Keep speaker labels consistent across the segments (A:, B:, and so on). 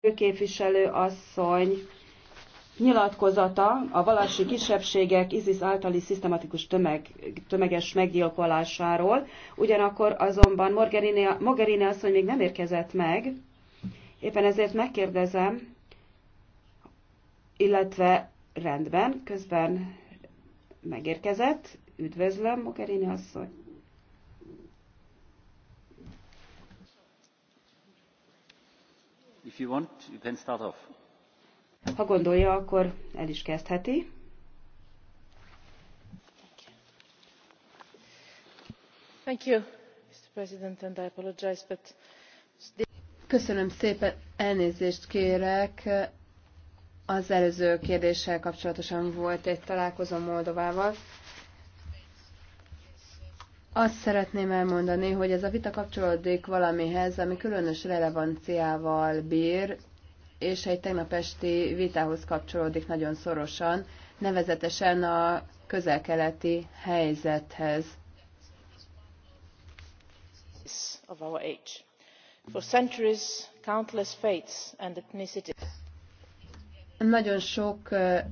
A: főképviselő asszony nyilatkozata a valási kisebbségek ISIS általi szisztematikus tömeg, tömeges meggyilkolásáról. Ugyanakkor azonban Mogherini, Mogherini asszony még nem érkezett meg, éppen ezért megkérdezem, illetve rendben, közben megérkezett, üdvözlöm Mogherini asszony.
B: you want, you can start off.
A: Ha gondolja, akkor el is kezdheti.
C: Thank you, Mr. President, and I apologize, but... Köszönöm szépen,
D: elnézést kérek. Az előző kérdéssel kapcsolatosan volt egy találkozom Moldovával. Azt szeretném elmondani, hogy ez a vita kapcsolódik valamihez, ami különös relevanciával bír, és egy tegnap esti vitához kapcsolódik nagyon szorosan, nevezetesen a közelkeleti helyzethez.
C: Of our age. For centuries, countless faiths and ethnicities.
D: Nagyon sok eh,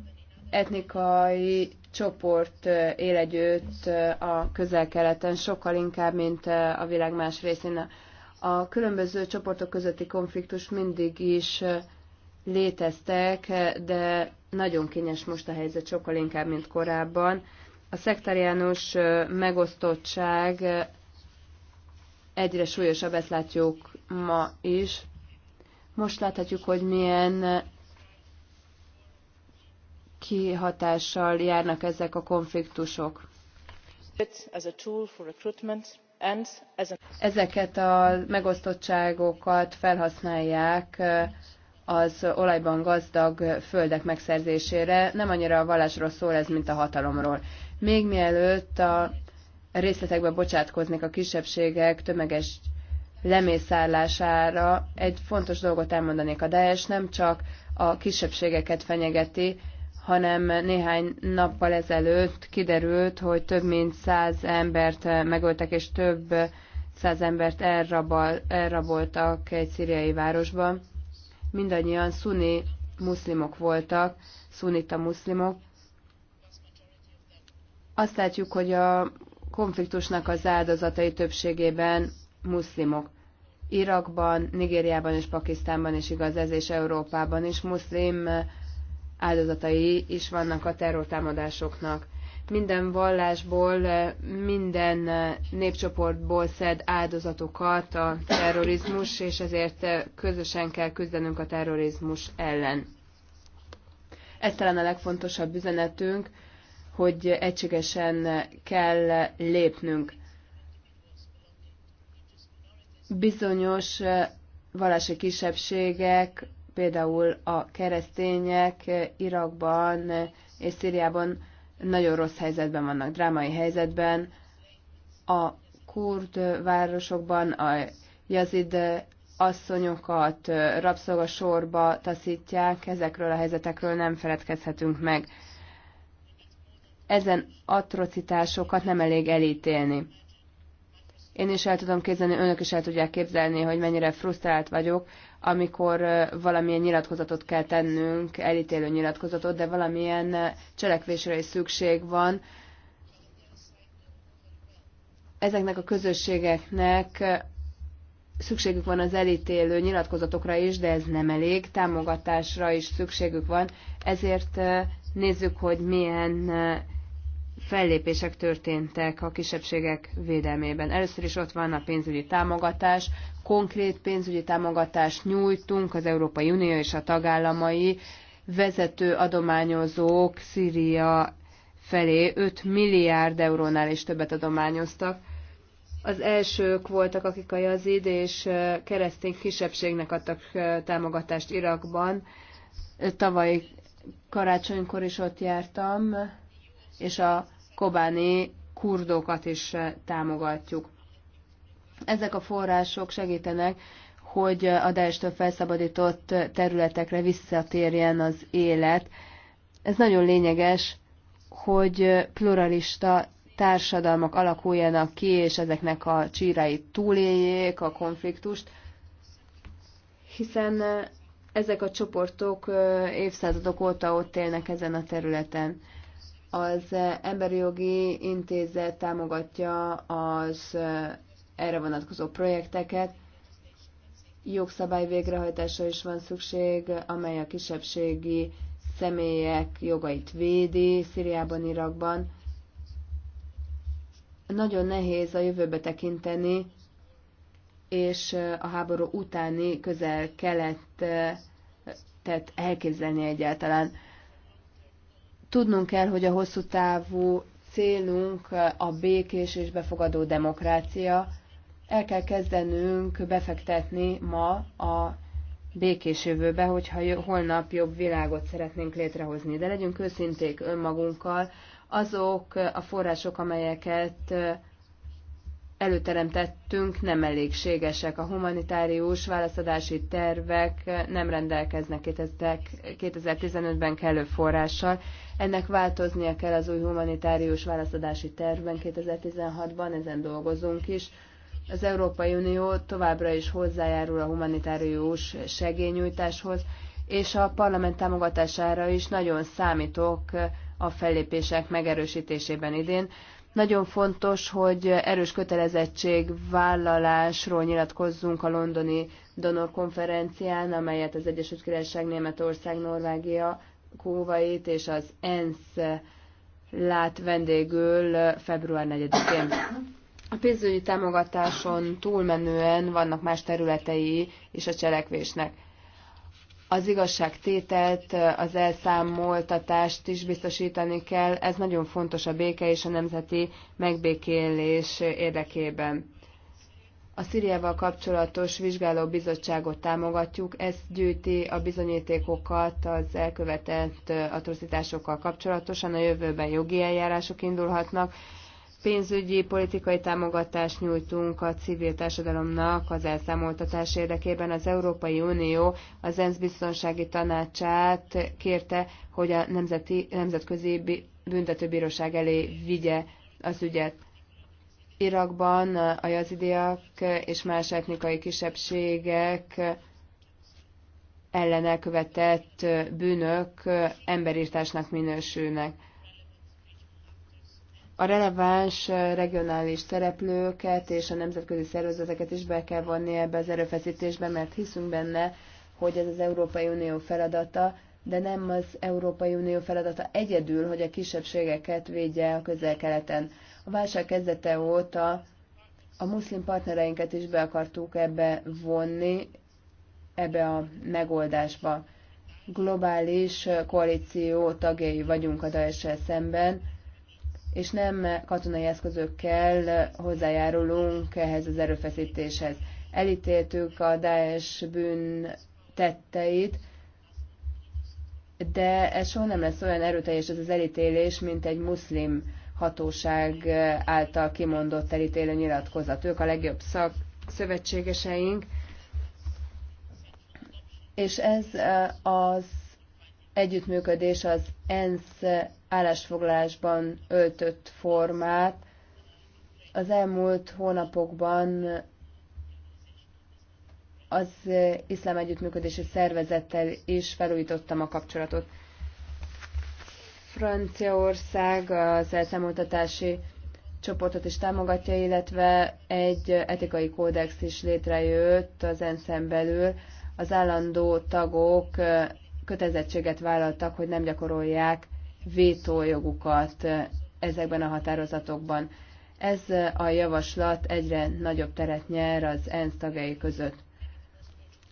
D: etnikai csoport él együtt a közel-keleten, sokkal inkább, mint a világ más részén. A különböző csoportok közötti konfliktus mindig is léteztek, de nagyon kényes most a helyzet, sokkal inkább, mint korábban. A szektáriánus megosztottság egyre súlyosabb, ezt látjuk ma is. Most láthatjuk, hogy milyen kihatással járnak ezek a konfliktusok. Ezeket a megosztottságokat felhasználják az olajban gazdag földek megszerzésére. Nem annyira a vallásról szól ez, mint a hatalomról. Még mielőtt a részletekbe bocsátkoznék a kisebbségek tömeges lemészárlására, egy fontos dolgot elmondanék. A Daesh nem csak a kisebbségeket fenyegeti, hanem néhány nappal ezelőtt kiderült, hogy több mint száz embert eh, megöltek, és több eh, száz embert elrabol, elraboltak egy szíriai városban. Mindannyian szuni muszlimok voltak, szunita muszlimok. Azt látjuk, hogy a konfliktusnak az áldozatai többségében muszlimok. Irakban, Nigériában és Pakisztánban is igaz ez, és Európában is muszlim eh, áldozatai is vannak a terrortámadásoknak. Minden vallásból, minden népcsoportból szed áldozatokat a terrorizmus, és ezért közösen kell küzdenünk a terrorizmus ellen. Ez talán a legfontosabb üzenetünk, hogy egységesen kell lépnünk. Bizonyos vallási kisebbségek például a keresztények Irakban és Szíriában nagyon rossz helyzetben vannak, drámai helyzetben. A kurd városokban a jazid asszonyokat rabszolgasorba taszítják, ezekről a helyzetekről nem feledkezhetünk meg. Ezen atrocitásokat nem elég elítélni. Én is el tudom képzelni, önök is el tudják képzelni, hogy mennyire frusztrált vagyok, amikor valamilyen nyilatkozatot kell tennünk, elítélő nyilatkozatot, de valamilyen cselekvésre is szükség van. Ezeknek a közösségeknek szükségük van az elítélő nyilatkozatokra is, de ez nem elég, támogatásra is szükségük van, ezért nézzük, hogy milyen fellépések történtek a kisebbségek védelmében. Először is ott van a pénzügyi támogatás, konkrét pénzügyi támogatást nyújtunk az Európai Unió és a tagállamai vezető adományozók Szíria felé 5 milliárd eurónál is többet adományoztak. Az elsők voltak, akik a jazid és keresztény kisebbségnek adtak támogatást Irakban. Tavaly karácsonykor is ott jártam, és a kobáni kurdokat is eh, támogatjuk. Ezek a források segítenek, hogy a Daestől felszabadított területekre visszatérjen az élet. Ez nagyon lényeges, hogy pluralista társadalmak alakuljanak ki, és ezeknek a csírái túléljék a konfliktust, hiszen eh, ezek a csoportok eh, évszázadok óta ott élnek ezen a területen. Az Emberi Jogi Intézet támogatja az erre vonatkozó projekteket. Jogszabály végrehajtása is van szükség, amely a kisebbségi személyek jogait védi Szíriában, Irakban. Nagyon nehéz a jövőbe tekinteni, és a háború utáni közel kelet, tehát elképzelni egyáltalán. Tudnunk kell, hogy a hosszú távú célunk a békés és befogadó demokrácia. El kell kezdenünk befektetni ma a békés jövőbe, hogyha holnap jobb világot szeretnénk létrehozni. De legyünk őszinték önmagunkkal, azok a források, amelyeket előteremtettünk nem elégségesek. A humanitárius válaszadási tervek nem rendelkeznek 2015-ben kellő forrással. Ennek változnia kell az új humanitárius válaszadási tervben 2016-ban, ezen dolgozunk is. Az Európai Unió továbbra is hozzájárul a humanitárius segélynyújtáshoz, és a parlament támogatására is nagyon számítok a fellépések megerősítésében idén. Nagyon fontos, hogy erős kötelezettségvállalásról nyilatkozzunk a londoni donor konferencián, amelyet az Egyesült Királyság, Németország, Norvégia, Kóvait és az ENSZ lát vendégül február 4-én. A pénzügyi támogatáson túlmenően vannak más területei is a cselekvésnek az igazságtételt, az elszámoltatást is biztosítani kell. Ez nagyon fontos a béke és a nemzeti megbékélés érdekében. A Szíriával kapcsolatos vizsgáló bizottságot támogatjuk, ez gyűjti a bizonyítékokat az elkövetett atrocitásokkal kapcsolatosan, a jövőben jogi eljárások indulhatnak, pénzügyi, politikai támogatást nyújtunk a civil társadalomnak az elszámoltatás érdekében. Az Európai Unió az ENSZ biztonsági tanácsát kérte, hogy a nemzeti, nemzetközi büntetőbíróság elé vigye az ügyet. Irakban a jazidiak és más etnikai kisebbségek ellen elkövetett bűnök emberírtásnak minősülnek a releváns regionális szereplőket és a nemzetközi szervezeteket is be kell vonni ebbe az erőfeszítésbe, mert hiszünk benne, hogy ez az Európai Unió feladata, de nem az Európai Unió feladata egyedül, hogy a kisebbségeket védje a közel-keleten. A válság kezdete óta a muszlim partnereinket is be akartuk ebbe vonni, ebbe a megoldásba. Globális koalíció tagjai vagyunk a daesh szemben, és nem katonai eszközökkel hozzájárulunk ehhez az erőfeszítéshez. Elítéltük a Daesh bűn tetteit, de ez soha nem lesz olyan erőteljes ez az elítélés, mint egy muszlim hatóság által kimondott elítélő nyilatkozat. Ők a legjobb szak szövetségeseink, és ez eh, az együttműködés az ENSZ állásfoglalásban öltött formát. Az elmúlt hónapokban az iszlám együttműködési szervezettel is felújítottam a kapcsolatot. Franciaország az elszámoltatási csoportot is támogatja, illetve egy etikai kódex is létrejött az ensz belül. Az állandó tagok kötelezettséget vállaltak, hogy nem gyakorolják vétójogukat ezekben a határozatokban. Ez a javaslat egyre nagyobb teret nyer az ENSZ tagjai között.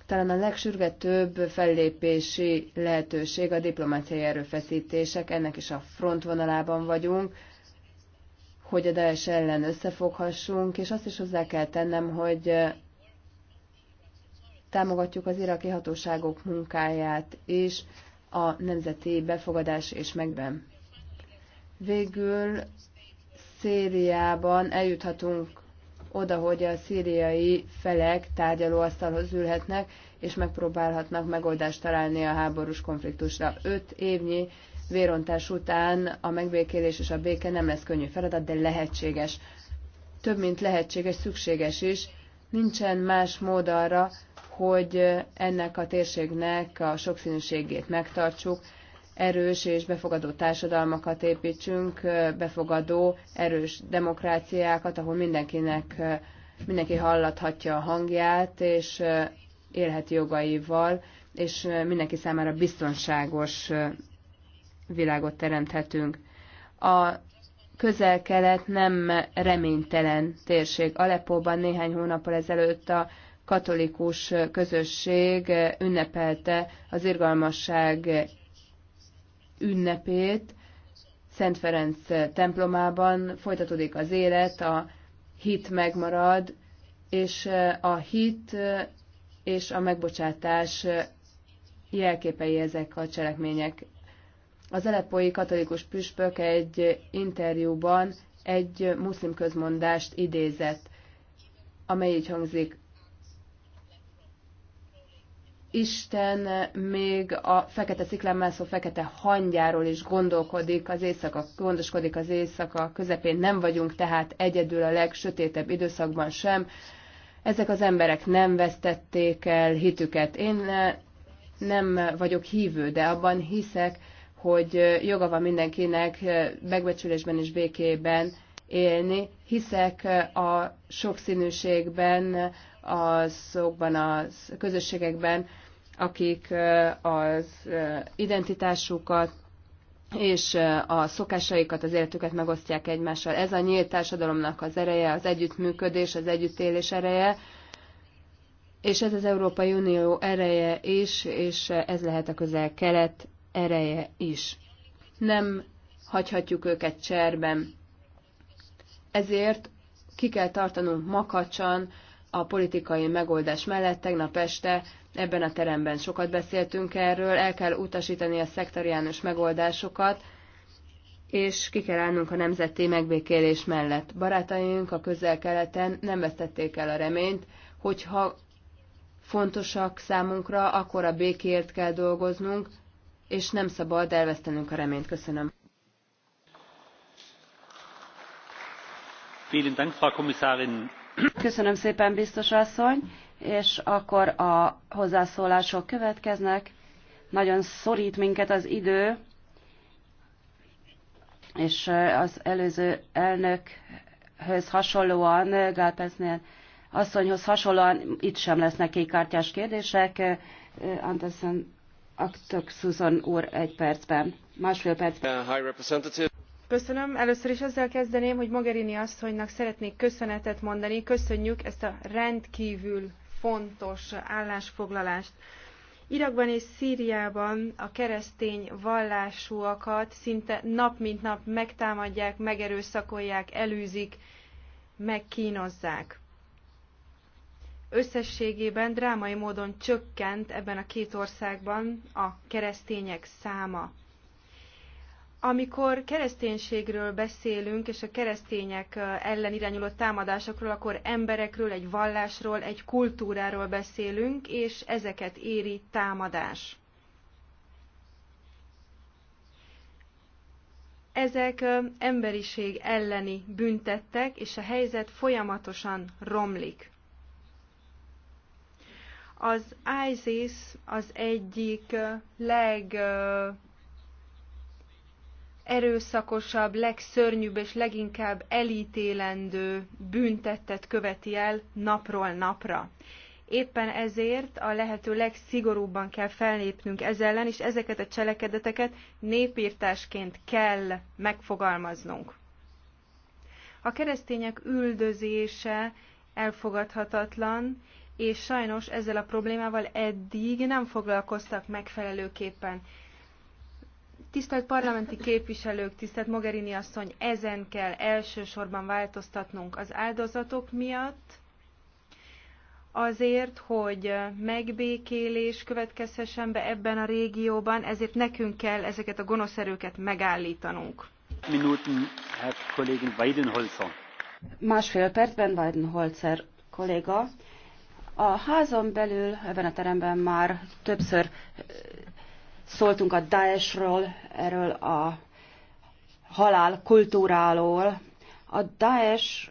D: Talán a legsürgetőbb fellépési lehetőség a diplomáciai erőfeszítések, ennek is a frontvonalában vagyunk, hogy a Daesh ellen összefoghassunk, és azt is hozzá kell tennem, hogy támogatjuk az iraki hatóságok munkáját is, a nemzeti befogadás és megben. Végül Szíriában eljuthatunk oda, hogy a szíriai felek tárgyalóasztalhoz ülhetnek, és megpróbálhatnak megoldást találni a háborús konfliktusra. Öt évnyi vérontás után a megbékélés és a béke nem lesz könnyű feladat, de lehetséges. Több, mint lehetséges, szükséges is. Nincsen más mód arra, hogy ennek a térségnek a sokszínűségét megtartsuk, erős és befogadó társadalmakat építsünk, befogadó, erős demokráciákat, ahol mindenkinek, mindenki hallathatja a hangját, és élheti jogaival, és mindenki számára biztonságos világot teremthetünk. A közel-kelet nem reménytelen térség. Aleppóban néhány hónappal ezelőtt a katolikus közösség ünnepelte az irgalmasság ünnepét. Szent Ferenc templomában folytatódik az élet, a hit megmarad, és a hit és a megbocsátás jelképei ezek a cselekmények. Az elepói katolikus püspök egy interjúban egy muszlim közmondást idézett, amely így hangzik, Isten még a fekete sziklán szó fekete hangyáról is gondolkodik az éjszaka, gondoskodik az éjszaka közepén. Nem vagyunk tehát egyedül a legsötétebb időszakban sem. Ezek az emberek nem vesztették el hitüket. Én nem vagyok hívő, de abban hiszek, hogy joga van mindenkinek megbecsülésben és békében élni. Hiszek a sokszínűségben, azokban a közösségekben, akik az identitásukat és a szokásaikat, az életüket megosztják egymással. Ez a nyílt társadalomnak az ereje, az együttműködés, az együttélés ereje, és ez az Európai Unió ereje is, és ez lehet a közel-kelet ereje is. Nem hagyhatjuk őket cserben. Ezért ki kell tartanunk makacsan a politikai megoldás mellett. Tegnap este ebben a teremben. Sokat beszéltünk erről, el kell utasítani a szektoriánus megoldásokat, és ki kell állnunk a nemzeti megbékélés mellett. Barátaink a közel-keleten nem vesztették el a reményt, hogyha fontosak számunkra, akkor a békért kell dolgoznunk, és nem szabad elvesztenünk a reményt. Köszönöm.
A: Köszönöm szépen, biztos asszony és akkor a hozzászólások következnek. Nagyon szorít minket az idő, és az előző elnökhöz hasonlóan, Gálpesznél asszonyhoz hasonlóan itt sem lesznek kékkártyás kérdések. Anderson Aktok Susan úr egy percben, másfél percben. Uh, Köszönöm.
E: Először is azzal kezdeném, hogy Mogherini asszonynak szeretnék köszönetet mondani. Köszönjük ezt a rendkívül fontos állásfoglalást. Irakban és Szíriában a keresztény vallásúakat szinte nap mint nap megtámadják, megerőszakolják, elűzik, megkínozzák. Összességében drámai módon csökkent ebben a két országban a keresztények száma. Amikor kereszténységről beszélünk, és a keresztények ellen irányuló támadásokról, akkor emberekről, egy vallásról, egy kultúráról beszélünk, és ezeket éri támadás. Ezek emberiség elleni büntettek, és a helyzet folyamatosan romlik. Az ISIS az egyik leg legerőszakosabb, legszörnyűbb és leginkább elítélendő büntettet követi el napról napra. Éppen ezért a lehető legszigorúbban kell fellépnünk ez ellen, és ezeket a cselekedeteket népírtásként kell megfogalmaznunk. A keresztények üldözése elfogadhatatlan, és sajnos ezzel a problémával eddig nem foglalkoztak megfelelőképpen. Tisztelt parlamenti képviselők, tisztelt Mogherini asszony, ezen kell elsősorban változtatnunk az áldozatok miatt, azért, hogy megbékélés következhessen be ebben a régióban, ezért nekünk kell ezeket a gonosz erőket megállítanunk.
B: Minuten, Herr Kollégin
A: Másfél percben Weidenholzer kolléga. A házon belül, ebben a teremben már többször Szóltunk a daesh erről a halál kultúráról. A Daesh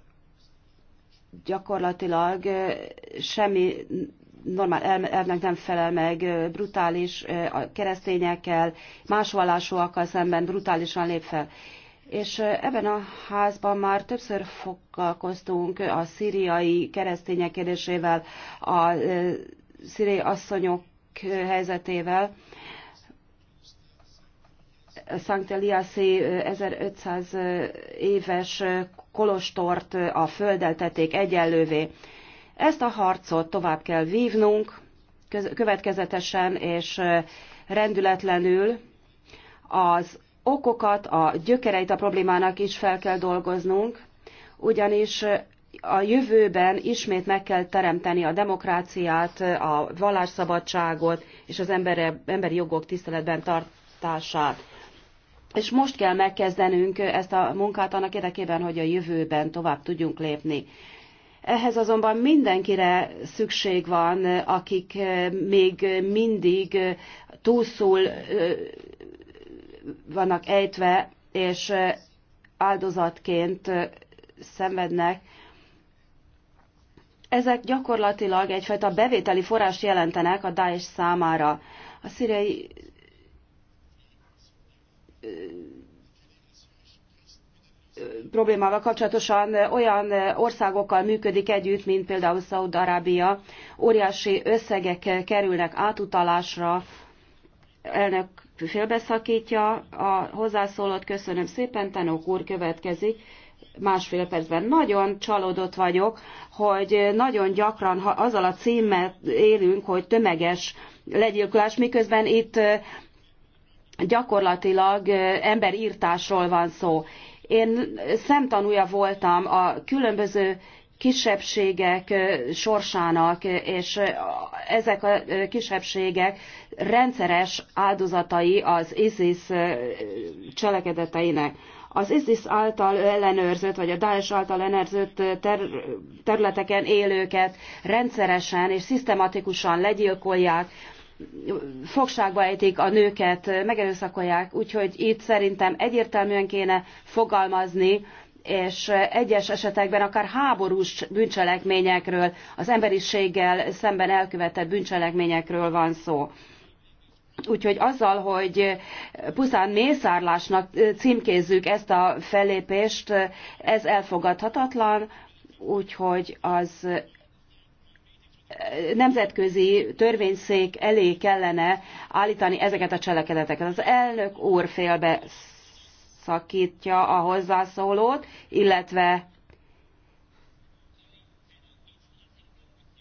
A: gyakorlatilag semmi normál elvnek nem felel meg, brutális a keresztényekkel, más vallásúakkal szemben brutálisan lép fel. És ebben a házban már többször foglalkoztunk a szíriai keresztények kérdésével, a szíriai asszonyok helyzetével, Szent Eliaszi 1500 éves kolostort a földdel tették egyenlővé. Ezt a harcot tovább kell vívnunk, következetesen és rendületlenül az okokat, a gyökereit a problémának is fel kell dolgoznunk, ugyanis a jövőben ismét meg kell teremteni a demokráciát, a vallásszabadságot és az emberi jogok tiszteletben tartását és most kell megkezdenünk ezt a munkát annak érdekében, hogy a jövőben tovább tudjunk lépni. Ehhez azonban mindenkire szükség van, akik még mindig túlszul vannak ejtve, és áldozatként szenvednek. Ezek gyakorlatilag egyfajta bevételi forrás jelentenek a Daesh számára. A szíriai problémával kapcsolatosan olyan országokkal működik együtt, mint például szaúd arábia Óriási összegek kerülnek átutalásra. Elnök félbeszakítja a hozzászólót. Köszönöm szépen, Tenok úr következik másfél percben. Nagyon csalódott vagyok, hogy nagyon gyakran ha azzal a címmel élünk, hogy tömeges legyilkolás, miközben itt gyakorlatilag emberírtásról van szó én szemtanúja voltam a különböző kisebbségek sorsának, és ezek a kisebbségek rendszeres áldozatai az ISIS cselekedeteinek. Az ISIS által ellenőrzött, vagy a Daesh által ellenőrzött ter- területeken élőket rendszeresen és szisztematikusan legyilkolják, fogságba ejtik a nőket, megerőszakolják, úgyhogy itt szerintem egyértelműen kéne fogalmazni, és egyes esetekben akár háborús bűncselekményekről, az emberiséggel szemben elkövetett bűncselekményekről van szó. Úgyhogy azzal, hogy pusztán mészárlásnak címkézzük ezt a fellépést, ez elfogadhatatlan, úgyhogy az nemzetközi törvényszék elé kellene állítani ezeket a cselekedeteket. Az elnök úr félbe szakítja a hozzászólót, illetve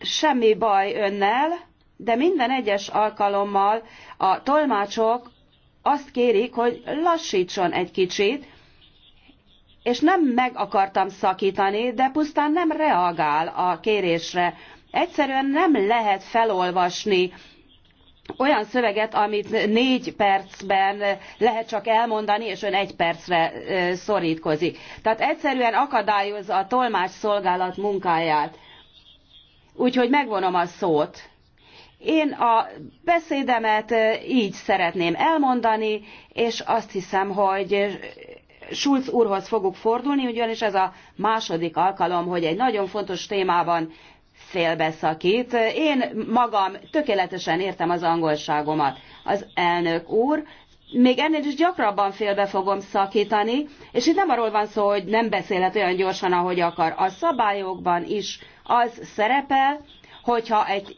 A: semmi baj önnel, de minden egyes alkalommal a tolmácsok azt kérik, hogy lassítson egy kicsit, és nem meg akartam szakítani, de pusztán nem reagál a kérésre. Egyszerűen nem lehet felolvasni olyan szöveget, amit négy percben lehet csak elmondani, és ön egy percre szorítkozik. Tehát egyszerűen akadályozza a tolmás szolgálat munkáját. Úgyhogy megvonom a szót. Én a beszédemet így szeretném elmondani, és azt hiszem, hogy Schulz úrhoz fogok fordulni, ugyanis ez a második alkalom, hogy egy nagyon fontos témában félbeszakít. Én magam tökéletesen értem az angolságomat. Az elnök úr még ennél is gyakrabban félbe fogom szakítani, és itt nem arról van szó, hogy nem beszélhet olyan gyorsan, ahogy akar. A szabályokban is az szerepel, hogyha egy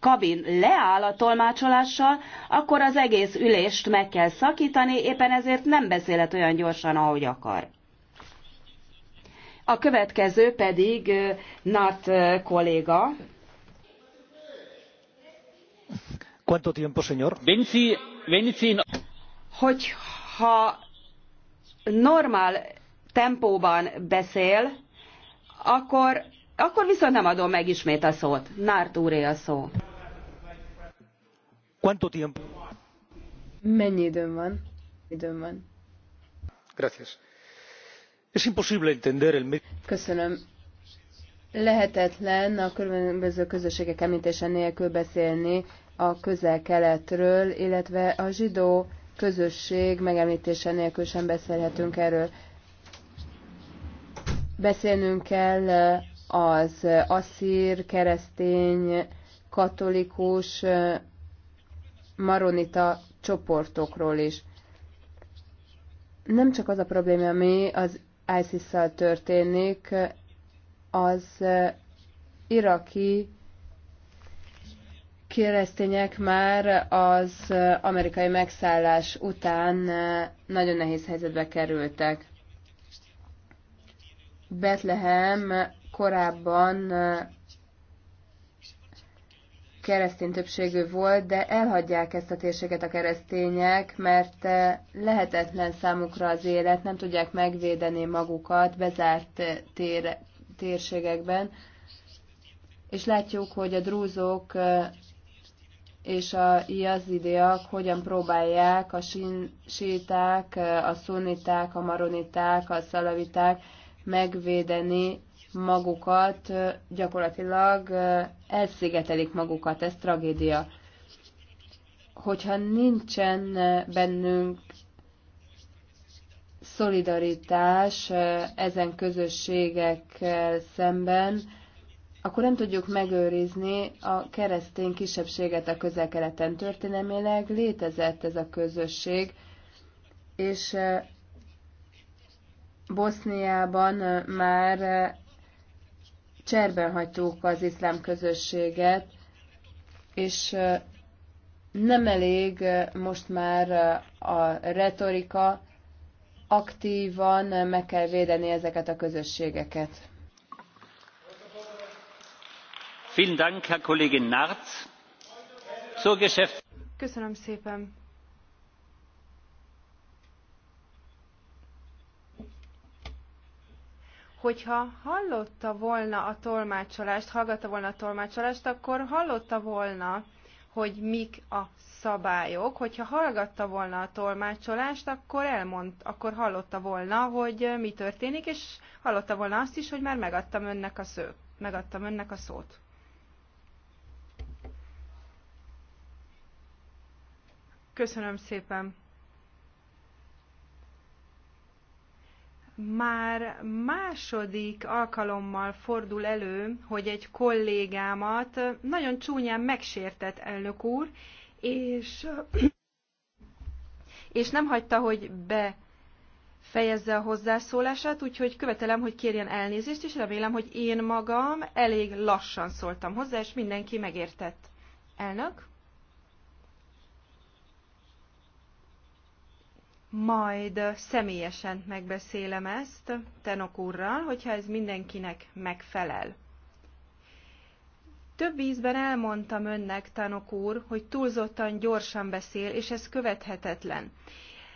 A: kabin leáll a tolmácsolással, akkor az egész ülést meg kell szakítani, éppen ezért nem beszélhet olyan gyorsan, ahogy akar. A következő pedig Nat kolléga.
B: Quanto tiempo, señor?
A: Hogyha normál tempóban beszél, akkor, akkor viszont nem adom meg ismét a szót. Nárt úré a szó. Quanto tiempo? Mennyi időm van? Időm van.
F: Gracias.
D: Köszönöm. Lehetetlen a különböző közösségek emltése nélkül beszélni a közel-keletről, illetve a zsidó közösség megemlítése nélkül sem beszélhetünk erről. Beszélnünk kell az asszír, keresztény, katolikus, maronita csoportokról is. Nem csak az a probléma, ami az isis szel történik, az iraki keresztények már az amerikai megszállás után nagyon nehéz helyzetbe kerültek. Betlehem korábban keresztény többségű volt, de elhagyják ezt a térséget a keresztények, mert eh, lehetetlen számukra az élet, nem tudják megvédeni magukat bezárt eh, tér, térségekben. És látjuk, hogy a drúzok eh, és a jazidiak hogyan próbálják a síták, a szuniták, a maroniták, a szalaviták megvédeni magukat, gyakorlatilag elszigetelik magukat, ez tragédia. Hogyha nincsen bennünk szolidaritás ezen közösségekkel szemben, akkor nem tudjuk megőrizni a keresztény kisebbséget a közel-keleten. Történelmileg létezett ez a közösség, és Boszniában már cserben hagytuk az iszlám közösséget, és nem elég most már a retorika, aktívan meg kell védeni ezeket a közösségeket.
E: Köszönöm szépen. hogyha hallotta volna a tolmácsolást, hallgatta volna a tolmácsolást, akkor hallotta volna, hogy mik a szabályok. Hogyha hallgatta volna a tolmácsolást, akkor elmond, akkor hallotta volna, hogy mi történik, és hallotta volna azt is, hogy már megadtam önnek a, szót, megadtam önnek a szót. Köszönöm szépen. már második alkalommal fordul elő, hogy egy kollégámat nagyon csúnyán megsértett elnök úr, és, és nem hagyta, hogy be fejezze a hozzászólását, úgyhogy követelem, hogy kérjen elnézést, és remélem, hogy én magam elég lassan szóltam hozzá, és mindenki megértett. Elnök? majd személyesen megbeszélem ezt Tenok úrral, hogyha ez mindenkinek megfelel. Több ízben elmondtam önnek, Tanok úr, hogy túlzottan gyorsan beszél, és ez követhetetlen.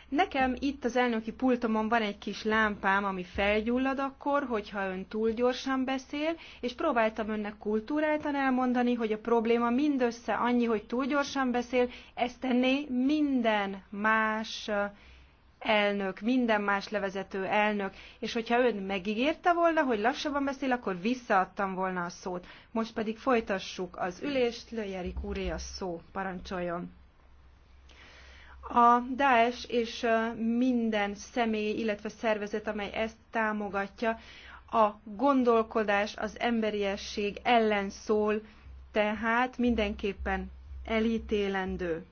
E: Nekem itt az elnöki pultomon van egy kis lámpám, ami felgyullad akkor, hogyha ön túl gyorsan beszél, és próbáltam önnek kultúráltan elmondani, hogy a probléma mindössze annyi, hogy túl gyorsan beszél, ezt tenné minden más elnök, minden más levezető elnök, és hogyha ön megígérte volna, hogy lassabban beszél, akkor visszaadtam volna a szót. Most pedig folytassuk az ülést, Löjjeri úré a szó, parancsoljon. A Daesh és minden személy, illetve szervezet, amely ezt támogatja, a gondolkodás, az emberiesség ellen szól, tehát mindenképpen elítélendő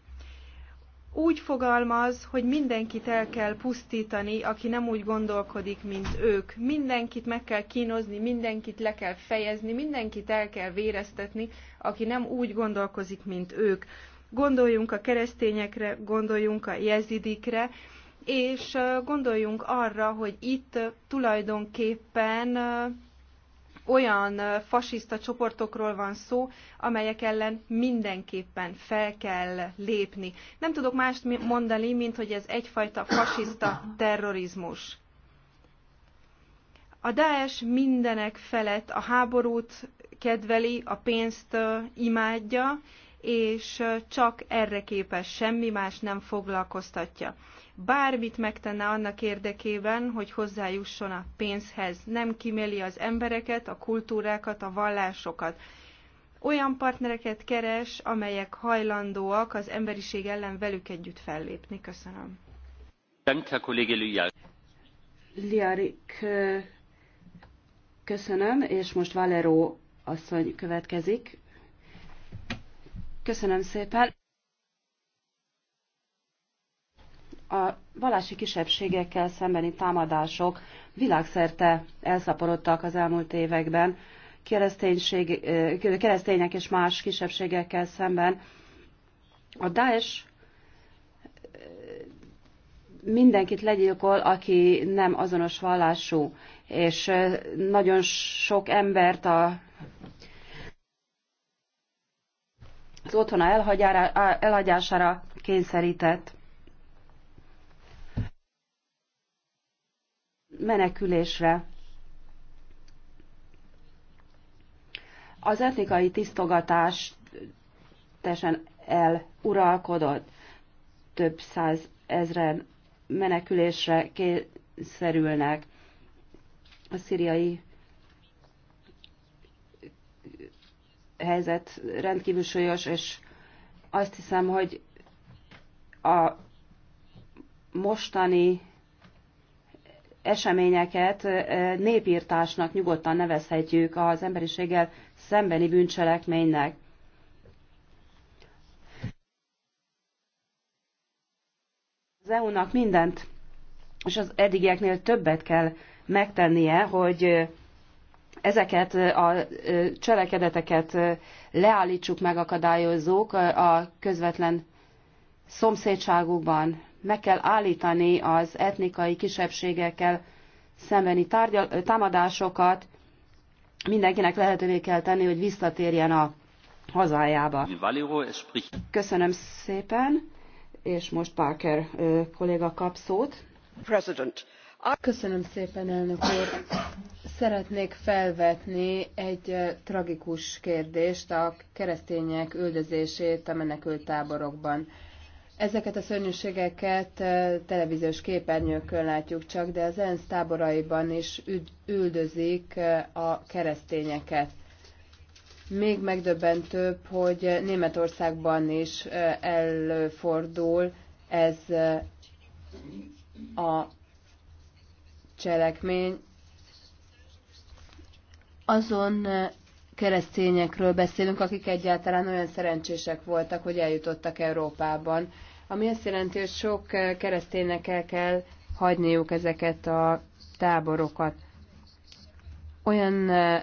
E: úgy fogalmaz, hogy mindenkit el kell pusztítani, aki nem úgy gondolkodik, mint ők. Mindenkit meg kell kínozni, mindenkit le kell fejezni, mindenkit el kell véreztetni, aki nem úgy gondolkozik, mint ők. Gondoljunk a keresztényekre, gondoljunk a jezidikre, és gondoljunk arra, hogy itt tulajdonképpen olyan fasiszta csoportokról van szó, amelyek ellen mindenképpen fel kell lépni. Nem tudok mást mondani, mint hogy ez egyfajta fasiszta terrorizmus. A Daesh mindenek felett a háborút kedveli, a pénzt imádja, és csak erre képes, semmi más nem foglalkoztatja bármit megtenne annak érdekében, hogy hozzájusson a pénzhez. Nem kiméli az embereket, a kultúrákat, a vallásokat. Olyan partnereket keres, amelyek hajlandóak az emberiség ellen velük együtt fellépni. Köszönöm.
A: Liarik, köszönöm, és most Valero asszony következik. Köszönöm szépen. a vallási kisebbségekkel szembeni támadások világszerte elszaporodtak az elmúlt években, kereszténység, keresztények és más kisebbségekkel szemben. A Daesh mindenkit legyilkol, aki nem azonos vallású, és nagyon sok embert a az otthona elhagyására kényszerített. menekülésre. Az etnikai tisztogatás teljesen eluralkodott. Több száz ezren menekülésre kényszerülnek. A szíriai helyzet rendkívül súlyos, és azt hiszem, hogy a mostani eseményeket népírtásnak nyugodtan nevezhetjük az emberiséggel szembeni bűncselekménynek. Az EU-nak mindent, és az eddigieknél többet kell megtennie, hogy ezeket a cselekedeteket leállítsuk, megakadályozzuk a közvetlen szomszédságukban, meg kell állítani az etnikai kisebbségekkel szembeni tárgyal, támadásokat, mindenkinek lehetővé kell tenni, hogy visszatérjen a hazájába. Köszönöm szépen, és most Parker kolléga kap szót. Köszönöm szépen,
D: elnök úr. Szeretnék felvetni egy tragikus kérdést, a keresztények üldözését a menekült táborokban. Ezeket a szörnyűségeket televíziós képernyőkön látjuk csak, de az ENSZ táboraiban is üldözik a keresztényeket. Még megdöbbentőbb, hogy Németországban is előfordul ez a cselekmény. Azon keresztényekről beszélünk, akik egyáltalán olyan szerencsések voltak, hogy eljutottak Európában. Ami azt jelenti, hogy sok eh, kereszténynek el kell hagyniuk ezeket a táborokat. Olyan eh,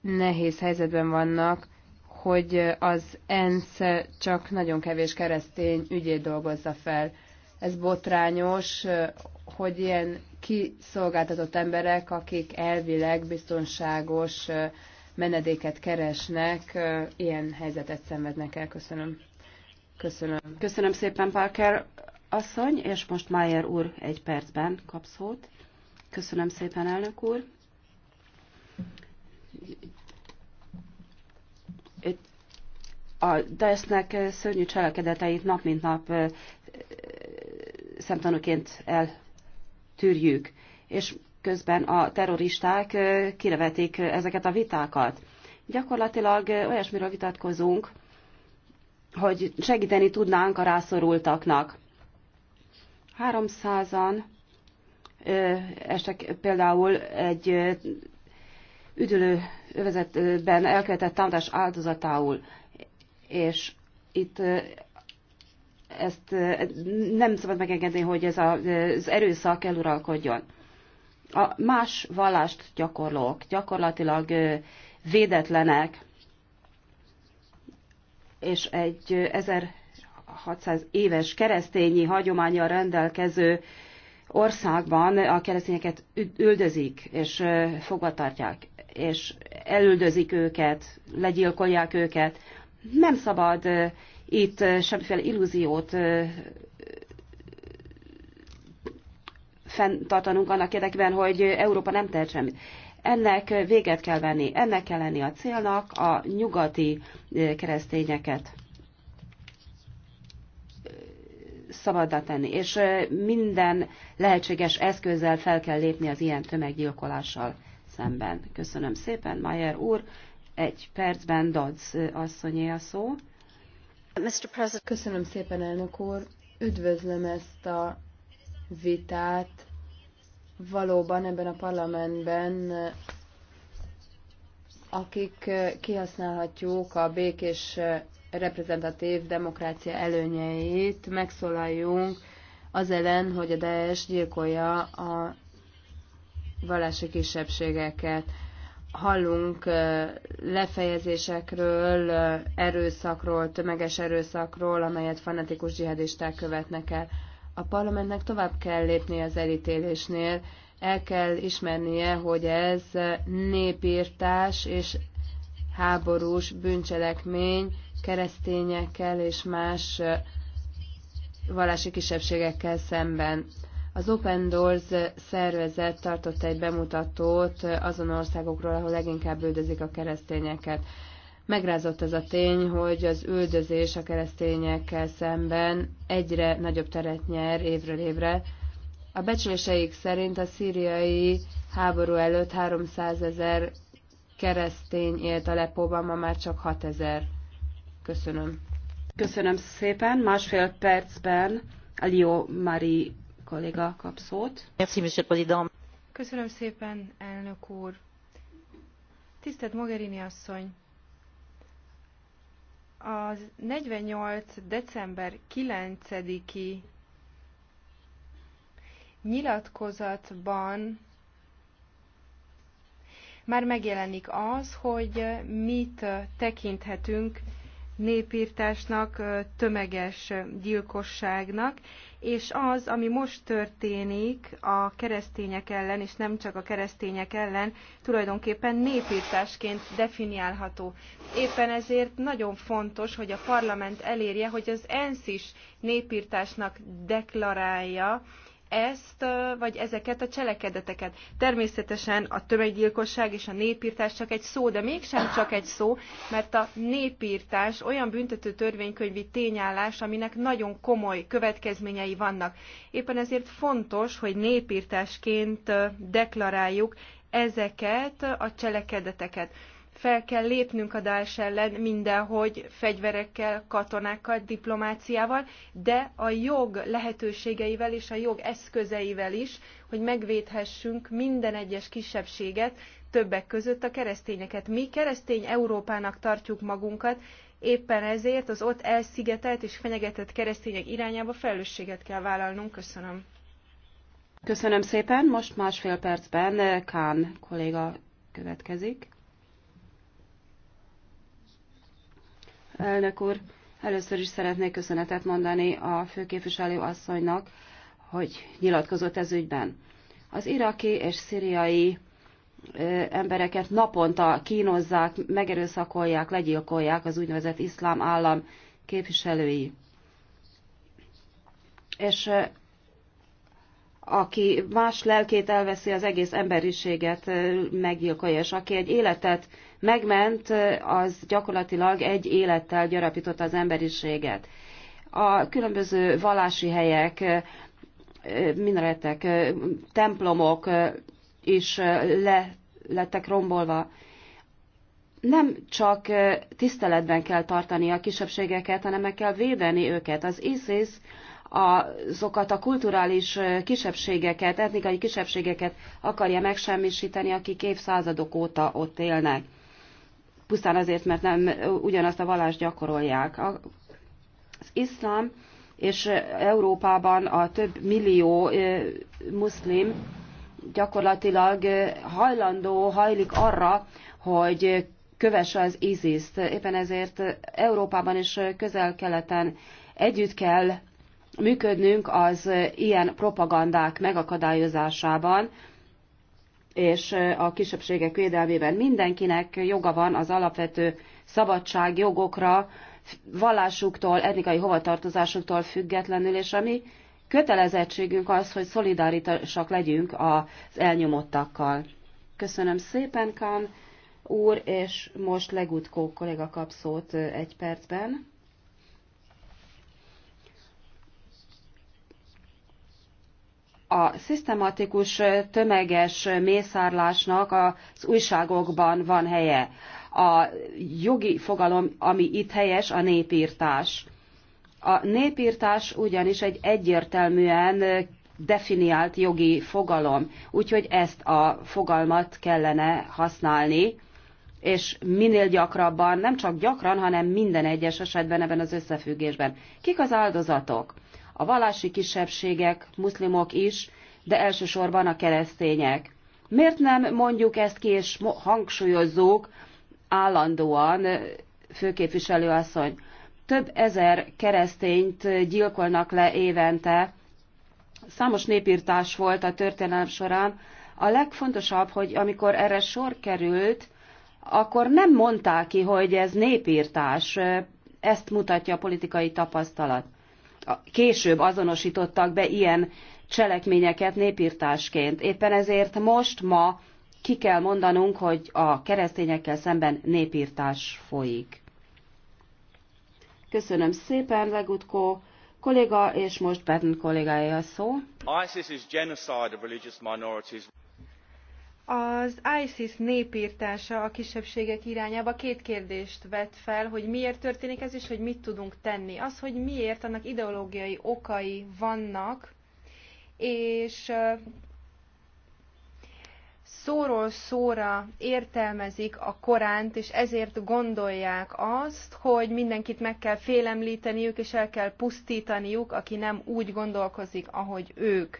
D: nehéz helyzetben vannak, hogy az ENSZ csak nagyon kevés keresztény ügyét dolgozza fel. Ez botrányos, eh, hogy ilyen kiszolgáltatott emberek, akik elvileg biztonságos menedéket keresnek, ilyen helyzetet szenvednek el. Köszönöm. Köszönöm. Köszönöm szépen,
A: Parker asszony, és most Mayer úr egy percben kap szót. Köszönöm szépen, elnök úr. a Daesh-nek szörnyű cselekedeteit nap mint nap szemtanúként eltűrjük. És közben a terroristák kirevetik ezeket a vitákat. Gyakorlatilag olyasmiről vitatkozunk, hogy segíteni tudnánk a rászorultaknak. 300-an estek például egy üdülő övezetben elkövetett támadás áldozatául, és itt ezt nem szabad megengedni, hogy ez az erőszak eluralkodjon a más vallást gyakorlók gyakorlatilag védetlenek, és egy 1600 éves keresztényi hagyománya rendelkező országban a keresztényeket üldözik és fogvatartják, és elüldözik őket, legyilkolják őket. Nem szabad itt semmiféle illúziót fenntartanunk annak érdekében, hogy Európa nem tehet semmit. Ennek véget kell venni, ennek kell lenni a célnak a nyugati keresztényeket szabadra tenni, és minden lehetséges eszközzel fel kell lépni az ilyen tömeggyilkolással szemben. Köszönöm szépen, Mayer úr. Egy percben Dodds asszonyé a szó.
D: Köszönöm szépen, elnök úr. Üdvözlöm ezt a vitát valóban ebben a parlamentben, akik kihasználhatjuk a békés reprezentatív demokrácia előnyeit, megszólaljunk az ellen, hogy a DS gyilkolja a vallási kisebbségeket. Hallunk lefejezésekről, erőszakról, tömeges erőszakról, amelyet fanatikus dzsihadisták követnek el a parlamentnek tovább kell lépni az elítélésnél, el kell ismernie, hogy ez népírtás és háborús bűncselekmény keresztényekkel és más vallási kisebbségekkel szemben. Az Open Doors szervezet tartott egy bemutatót azon országokról, ahol leginkább üldözik a keresztényeket. Megrázott az a tény, hogy az üldözés a keresztényekkel szemben egyre nagyobb teret nyer évről évre. A becsléseik szerint a szíriai háború előtt 300 ezer keresztény élt a lepóban, ma
A: már csak 6 ezer. Köszönöm. Köszönöm szépen. Másfél percben a Alió Mari kolléga kap szót.
E: Köszönöm szépen, elnök úr. Tisztelt Mogherini asszony, az 48. december 9-i nyilatkozatban már megjelenik az, hogy mit tekinthetünk népírtásnak, tömeges gyilkosságnak, és az, ami most történik a keresztények ellen, és nem csak a keresztények ellen, tulajdonképpen népírtásként definiálható. Éppen ezért nagyon fontos, hogy a parlament elérje, hogy az ENSZ is népírtásnak deklarálja, ezt, vagy ezeket a cselekedeteket. Természetesen a tömeggyilkosság és a népírtás csak egy szó, de mégsem csak egy szó, mert a népírtás olyan büntető törvénykönyvi tényállás, aminek nagyon komoly következményei vannak. Éppen ezért fontos, hogy népírtásként deklaráljuk ezeket a cselekedeteket fel kell lépnünk a Daesh ellen mindenhogy, fegyverekkel, katonákkal, diplomáciával, de a jog lehetőségeivel és a jog eszközeivel is, hogy megvédhessünk minden egyes kisebbséget, többek között a keresztényeket. Mi keresztény Európának tartjuk magunkat, éppen ezért az ott elszigetelt és fenyegetett keresztények irányába felelősséget kell vállalnunk. Köszönöm.
A: Köszönöm szépen. Most másfél percben Kán kolléga következik. Elnök úr, először is szeretnék köszönetet mondani a főképviselő asszonynak, hogy nyilatkozott ez ügyben. Az iraki és szíriai embereket naponta kínozzák, megerőszakolják, legyilkolják az úgynevezett iszlám állam képviselői. És aki más lelkét elveszi, az egész emberiséget meggyilkolja, és aki egy életet megment, az gyakorlatilag egy élettel gyarapította az emberiséget. A különböző vallási helyek, minaretek, templomok is le, lettek rombolva. Nem csak tiszteletben kell tartani a kisebbségeket, hanem meg kell védeni őket. Az ISIS azokat a kulturális kisebbségeket, etnikai kisebbségeket akarja megsemmisíteni, akik évszázadok óta ott élnek. Pusztán azért, mert nem ugyanazt a vallást gyakorolják. Az iszlám és Európában a több millió muszlim gyakorlatilag hajlandó, hajlik arra, hogy kövesse az iziszt. Éppen ezért Európában és közel-keleten együtt kell működnünk az ilyen propagandák megakadályozásában, és a kisebbségek védelmében mindenkinek joga van az alapvető szabadság jogokra, vallásuktól, etnikai hovatartozásuktól függetlenül, és ami kötelezettségünk az, hogy szolidáritasak legyünk az elnyomottakkal. Köszönöm szépen, Kán úr, és most legutkó kolléga kap szót eh, egy percben. a szisztematikus tömeges mészárlásnak az újságokban van helye. A jogi fogalom, ami itt helyes, a népírtás. A népírtás ugyanis egy egyértelműen definiált jogi fogalom, úgyhogy ezt a fogalmat kellene használni, és minél gyakrabban, nem csak gyakran, hanem minden egyes esetben ebben az összefüggésben. Kik az áldozatok? a vallási kisebbségek, muszlimok is, de elsősorban a keresztények. Miért nem mondjuk ezt ki és hangsúlyozzuk állandóan, főképviselő asszony? Több ezer keresztényt gyilkolnak le évente. Számos népírtás volt a történelem során. A legfontosabb, hogy amikor erre sor került, akkor nem mondták ki, hogy ez népírtás. Ezt mutatja a politikai tapasztalat később azonosítottak be ilyen cselekményeket népírtásként. Éppen ezért most, ma ki kell mondanunk, hogy a keresztényekkel szemben népírtás folyik. Köszönöm szépen, Legutko kolléga, és most Batten kollégája a szó.
G: ISIS is genocide of religious minorities.
E: Az ISIS népírtása a kisebbségek irányába két kérdést vet fel, hogy miért történik ez, és hogy mit tudunk tenni. Az, hogy miért, annak ideológiai okai vannak, és szóról szóra értelmezik a Koránt, és ezért gondolják azt, hogy mindenkit meg kell félemlíteniük, és el kell pusztítaniuk, aki nem úgy gondolkozik, ahogy ők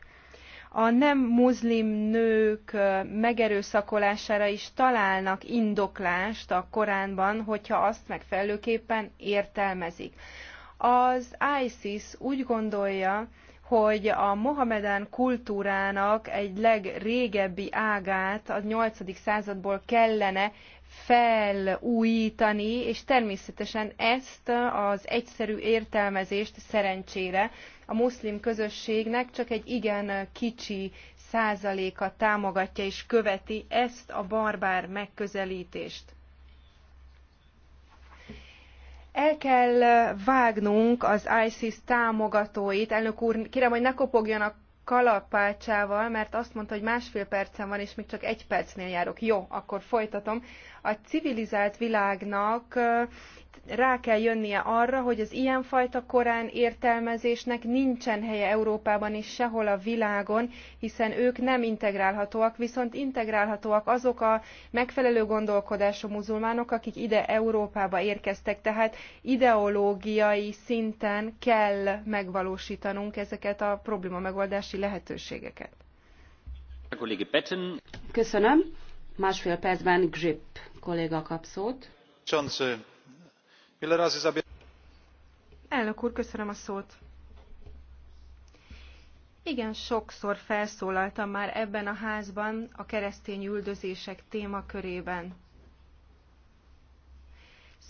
E: a nem muzlim nők megerőszakolására is találnak indoklást a Koránban, hogyha azt megfelelőképpen értelmezik. Az ISIS úgy gondolja, hogy a Mohamedán kultúrának egy legrégebbi ágát a 8. századból kellene felújítani, és természetesen ezt az egyszerű értelmezést szerencsére a muszlim közösségnek csak egy igen kicsi százaléka támogatja és követi ezt a barbár megközelítést. El kell vágnunk az ISIS támogatóit. Elnök úr, kérem, hogy ne kopogjon a kalapácsával, mert azt mondta, hogy másfél percen van, és még csak egy percnél járok. Jó, akkor folytatom a civilizált világnak rá kell jönnie arra, hogy az ilyenfajta korán értelmezésnek nincsen helye Európában is sehol a világon, hiszen ők nem integrálhatóak, viszont integrálhatóak azok a megfelelő gondolkodású muzulmánok, akik ide Európába érkeztek, tehát ideológiai szinten kell megvalósítanunk
A: ezeket a probléma megoldási lehetőségeket. Köszönöm. Másfél percben Grip Elnök úr, köszönöm a szót.
E: Igen, sokszor felszólaltam már ebben a házban a keresztény üldözések témakörében.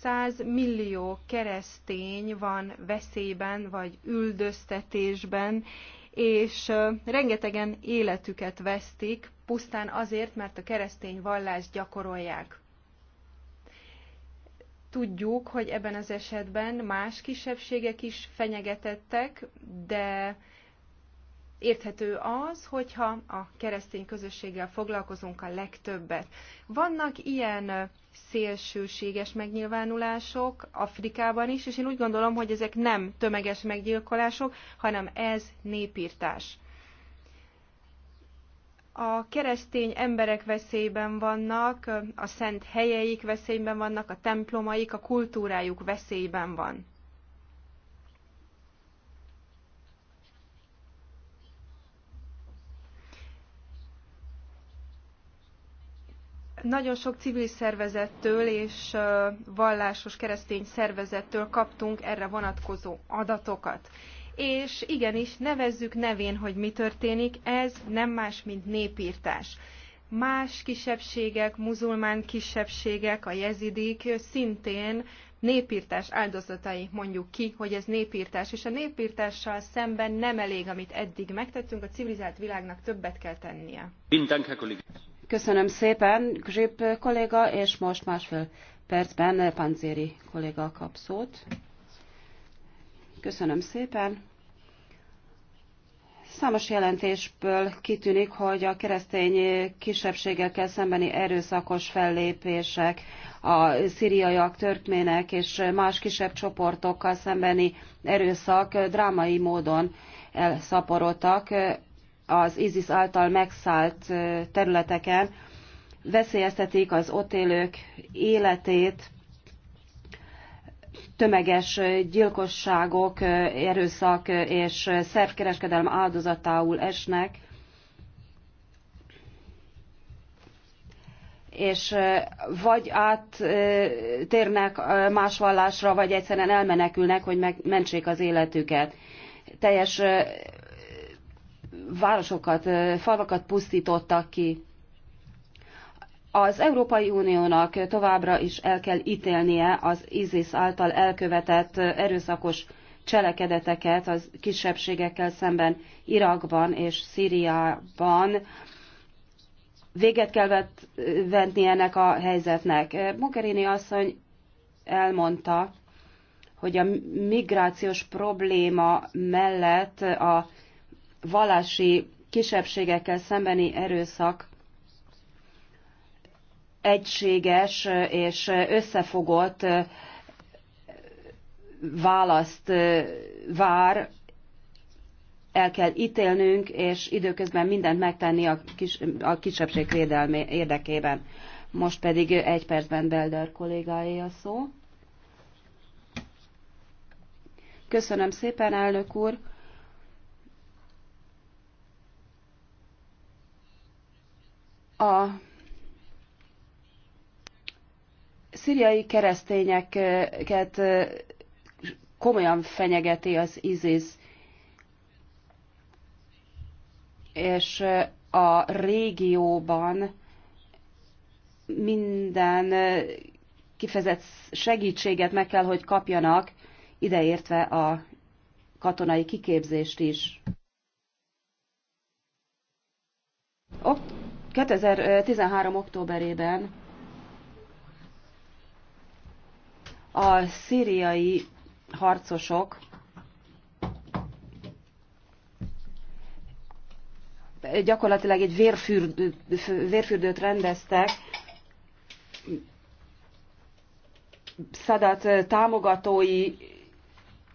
E: Száz millió keresztény van veszélyben vagy üldöztetésben, és rengetegen életüket vesztik pusztán azért, mert a keresztény vallást gyakorolják. Tudjuk, hogy ebben az esetben más kisebbségek is fenyegetettek, de érthető az, hogyha a keresztény közösséggel foglalkozunk a legtöbbet. Vannak ilyen szélsőséges megnyilvánulások Afrikában is, és én úgy gondolom, hogy ezek nem tömeges meggyilkolások, hanem ez népírtás a keresztény emberek veszélyben vannak, a szent helyeik veszélyben vannak, a templomaik, a kultúrájuk veszélyben van. Nagyon sok civil szervezettől és vallásos keresztény szervezettől kaptunk erre vonatkozó adatokat és igenis nevezzük nevén, hogy mi történik, ez nem más, mint népírtás. Más kisebbségek, muzulmán kisebbségek, a jezidik szintén népírtás áldozatai, mondjuk ki, hogy ez népírtás, és a népírtással szemben nem elég, amit eddig megtettünk, a civilizált világnak többet kell tennie.
A: Köszönöm szépen, Grip kolléga, és most másfél percben Panzéri kolléga kap szót. Köszönöm szépen. Számos jelentésből kitűnik, hogy a keresztény kisebbségekkel szembeni erőszakos fellépések, a szíriaiak, törkmének és más kisebb csoportokkal szembeni erőszak drámai módon elszaporodtak az ISIS által megszállt területeken, veszélyeztetik az ott élők életét, tömeges gyilkosságok, erőszak és szervkereskedelem áldozatául esnek, és vagy áttérnek más vallásra, vagy egyszerűen elmenekülnek, hogy megmentsék az életüket. Teljes városokat, falvakat pusztítottak ki. Az Európai Uniónak továbbra is el kell ítélnie az ISIS által elkövetett erőszakos cselekedeteket az kisebbségekkel szemben Irakban és Szíriában. Véget kell vetni ennek a helyzetnek. Mogherini asszony elmondta, hogy a migrációs probléma mellett a vallási kisebbségekkel szembeni erőszak egységes és összefogott választ vár, el kell ítélnünk, és időközben mindent megtenni a, kis, a kisebbség védelmi érdekében. Most pedig egy percben Belder kollégáé a szó. Köszönöm szépen, elnök úr! A szíriai keresztényeket komolyan fenyegeti az ISIS, és a régióban minden kifejezett segítséget meg kell, hogy kapjanak, ideértve a katonai kiképzést is. 2013. októberében a szíriai harcosok gyakorlatilag egy vérfürdőt, vérfürdőt rendeztek. Szadat eh, támogatói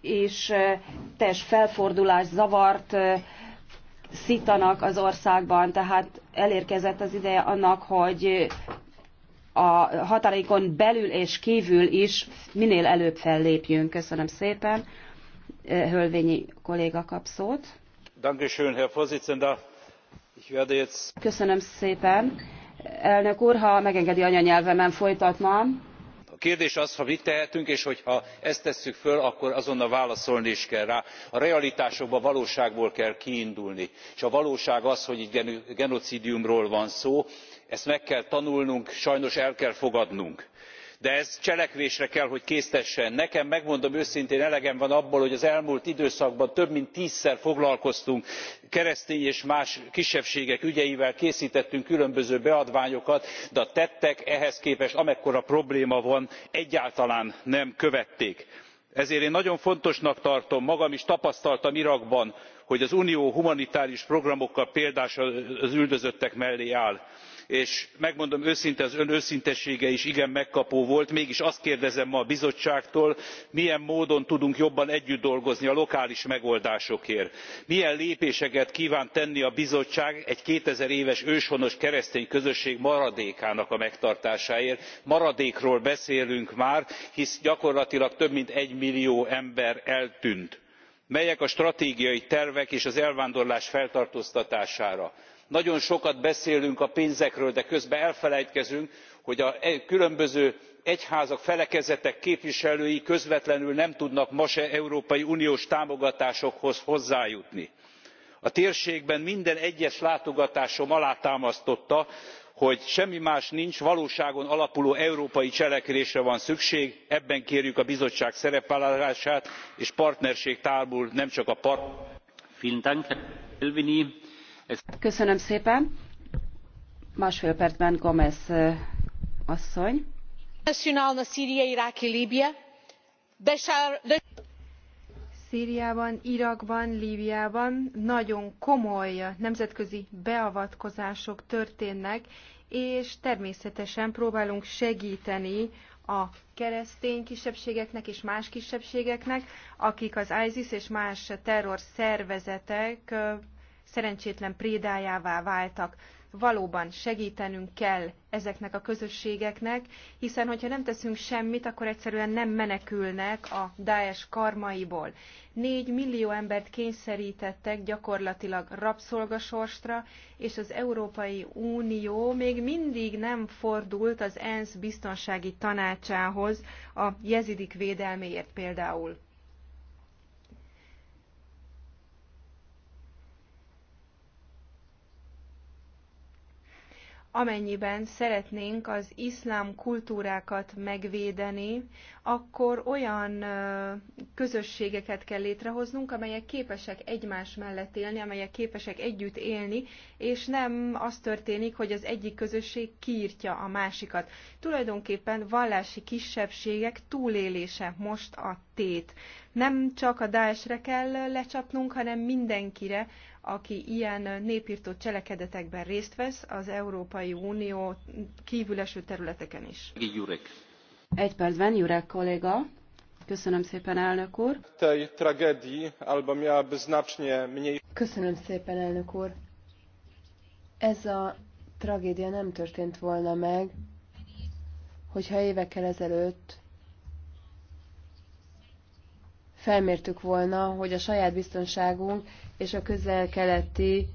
A: és eh, teljes felfordulás zavart eh, szítanak az országban, tehát elérkezett az ideje annak, hogy a határaikon belül és kívül is minél előbb fellépjünk. Köszönöm szépen. Hölvényi kolléga kap szót. Köszönöm szépen. Elnök úr, ha megengedi anyanyelvemen folytatnám
G: kérdés az hogy mit tehetünk és hogyha ezt tesszük föl akkor azonnal válaszolni is kell rá. a realitásokból a valóságból kell kiindulni és a valóság az hogy itt genocdiumról van szó ezt meg kell tanulnunk sajnos el kell fogadnunk de ez cselekvésre kell hogy késztessen. nekem megmondom őszintén elegem van abból hogy az elmúlt időszakban több mint tzszer foglalkoztunk keresztény és más kisebbségek ügyeivel késztettünk különböző beadványokat de a tettek ehhez képest amekkora probléma van egyáltalán nem követték. ezért én nagyon fontosnak tartom magam is tapasztaltam irakban hogy az unió humanitárius programokkal példásan az üldözöttek mellé áll és megmondom őszintén az ön őszintesége is igen megkapó volt mégis azt kérdezem ma a bizottságtól milyen módon tudunk jobban együtt dolgozni a lokális megoldásokért? milyen lépéseket kván tenni a bizottság egy two thousand éves őshonos keresztény közösség maradékának a megtartásáért? maradékról beszélünk már hisz gyakorlatilag több mint one millió ember eltűnt. melyek a stratégiai tervek és az elvándorlás feltartóztatására? nagyon sokat beszélünk a pénzekről de közben elfelejtkezünk, hogy a e- különböző egyházak felekezetek képviselői közvetlenül nem tudnak ma se európai uniós támogatásokhoz hozzájutni. a térségben minden egyes látogatásom alátámasztotta hogy semmi más nincs valóságon alapuló európai cselekvésre van szükség ebben kérjük a bizottság szerepvállalását és partnerség távol nemcsak a Parlament.
B: hanem az európai
A: Köszönöm szépen. Másfél percben Gomez asszony. na Síria, Irak
E: Szíriában, Irakban, Líbiában nagyon komoly nemzetközi beavatkozások történnek, és természetesen próbálunk segíteni a keresztény kisebbségeknek és más kisebbségeknek, akik az ISIS és más terrorszervezetek szervezetek szerencsétlen prédájává váltak. Valóban segítenünk kell ezeknek a közösségeknek, hiszen hogyha nem teszünk semmit, akkor egyszerűen nem menekülnek a Daesh karmaiból. Négy millió embert kényszerítettek gyakorlatilag rabszolgasorstra, és az Európai Unió még mindig nem fordult az ENSZ biztonsági tanácsához a jezidik védelméért például. amennyiben szeretnénk az iszlám kultúrákat megvédeni, akkor olyan közösségeket kell létrehoznunk, amelyek képesek egymás mellett élni, amelyek képesek együtt élni, és nem az történik, hogy az egyik közösség kiírtja a másikat. Tulajdonképpen vallási kisebbségek túlélése most a tét. Nem csak a Daesre kell lecsapnunk, hanem mindenkire, aki ilyen népirtó cselekedetekben részt vesz az Európai
A: Unió kívüleső területeken is. Jurek. Egy percben Jurek kolléga. Köszönöm szépen, elnök úr.
G: Tej tragedii albo miałaby znacznie mniej...
A: Köszönöm szépen, elnök úr. Ez a tragédia
D: nem történt volna meg, hogyha évekkel ezelőtt felmértük volna, hogy a saját biztonságunk és a közel-keleti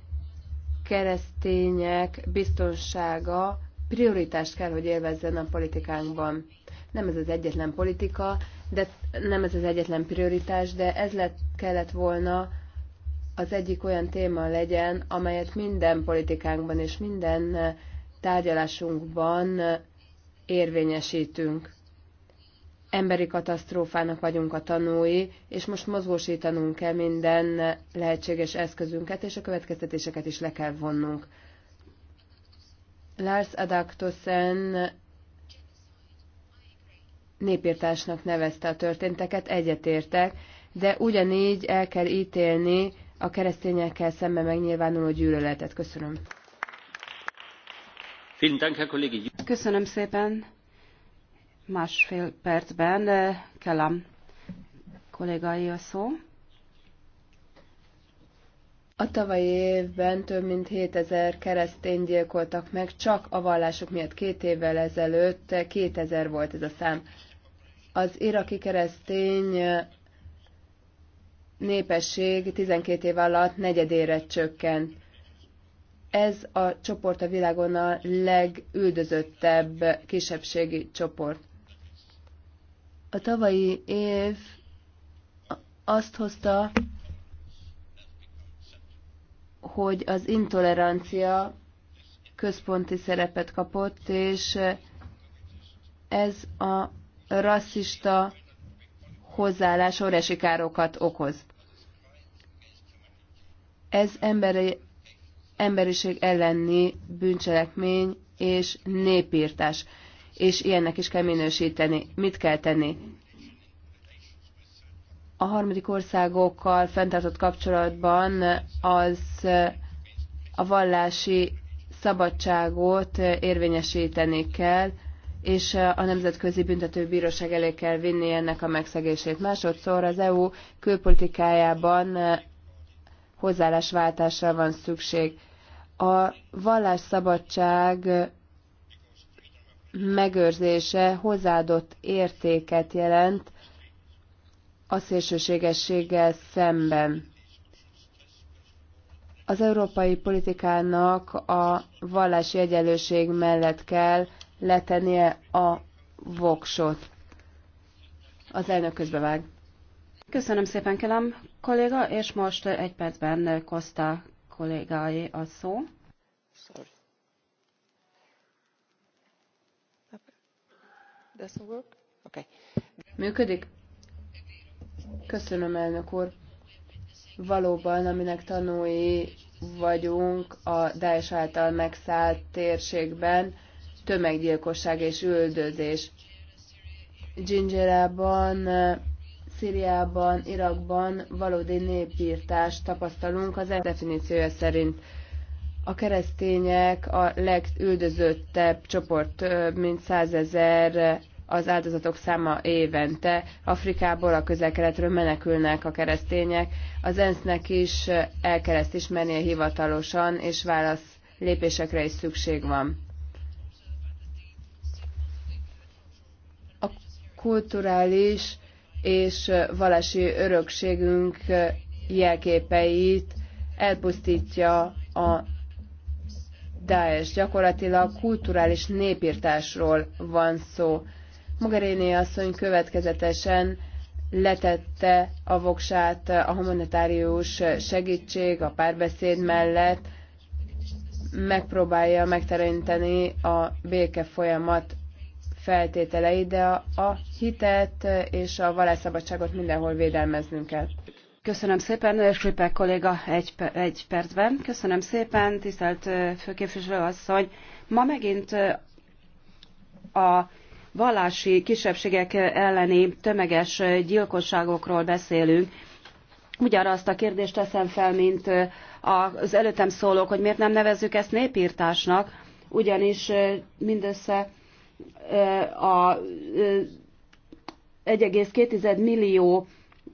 D: keresztények biztonsága prioritást kell, hogy élvezzen a politikánkban. Nem ez az egyetlen politika, de nem ez az egyetlen prioritás, de ez lett, kellett volna az egyik olyan téma legyen, amelyet minden politikánkban és minden tárgyalásunkban érvényesítünk emberi katasztrófának vagyunk a tanúi, és most mozgósítanunk kell minden lehetséges eszközünket, és a következtetéseket is le kell vonnunk. Lars Adaktosen népírtásnak nevezte a történteket, egyetértek, de ugyanígy el kell ítélni a keresztényekkel szemben megnyilvánuló gyűlöletet. Köszönöm.
A: Köszönöm szépen másfél percben eh, Kellam kollégai a szó.
D: A tavalyi évben több mint 7000 keresztény gyilkoltak meg, csak a vallásuk miatt két évvel ezelőtt 2000 volt ez a szám. Az iraki keresztény eh, népesség 12 év alatt negyedére csökkent. Ez a csoport a világon a legüldözöttebb kisebbségi csoport. A tavalyi év azt hozta, hogy az intolerancia központi szerepet kapott, és ez a rasszista hozzáállás óriási károkat okoz. Ez emberi, emberiség elleni bűncselekmény és népírtás és ilyennek is kell minősíteni. Mit kell tenni? A harmadik országokkal fenntartott kapcsolatban az a vallási szabadságot érvényesíteni kell, és a Nemzetközi Büntetőbíróság elé kell vinni ennek a megszegését. Másodszor az EU külpolitikájában hozzáállásváltásra van szükség. A vallásszabadság megőrzése hozzáadott értéket jelent a szélsőségességgel szemben. Az európai politikának a vallási egyenlőség mellett kell letennie a voksot.
A: Az elnök vág. Köszönöm szépen, Kelem kolléga, és most egy percben Kosta kollégái a szó.
H: Sorry.
D: Működik? Köszönöm, elnök úr. Valóban, aminek tanúi vagyunk a Daesh által megszállt térségben, tömeggyilkosság és üldözés. Gingerában, Szíriában, Irakban valódi népírtást tapasztalunk az e- definíciója szerint. A keresztények a legüldözöttebb csoport, több mint százezer az áldozatok száma évente. Afrikából, a közel-keletről menekülnek a keresztények. Az ENSZ-nek is el kell ezt ismernie hivatalosan, és válasz lépésekre is szükség van. A kulturális és valási örökségünk jelképeit elpusztítja a Daesh. Gyakorlatilag kulturális népírtásról van szó Mogherini asszony következetesen letette a voksát a humanitárius segítség a párbeszéd mellett, megpróbálja megteremteni a béke folyamat feltételei, de a hitet
A: és a vallásszabadságot mindenhol védelmeznünk kell. Köszönöm szépen, Sripek kolléga egy, egy percben. Köszönöm szépen, tisztelt főképviselő asszony. Ma megint a vallási kisebbségek elleni tömeges gyilkosságokról beszélünk. Ugyanazt a kérdést teszem fel, mint az előttem szólók, hogy miért nem nevezzük ezt népírtásnak, ugyanis mindössze a 1,2 millió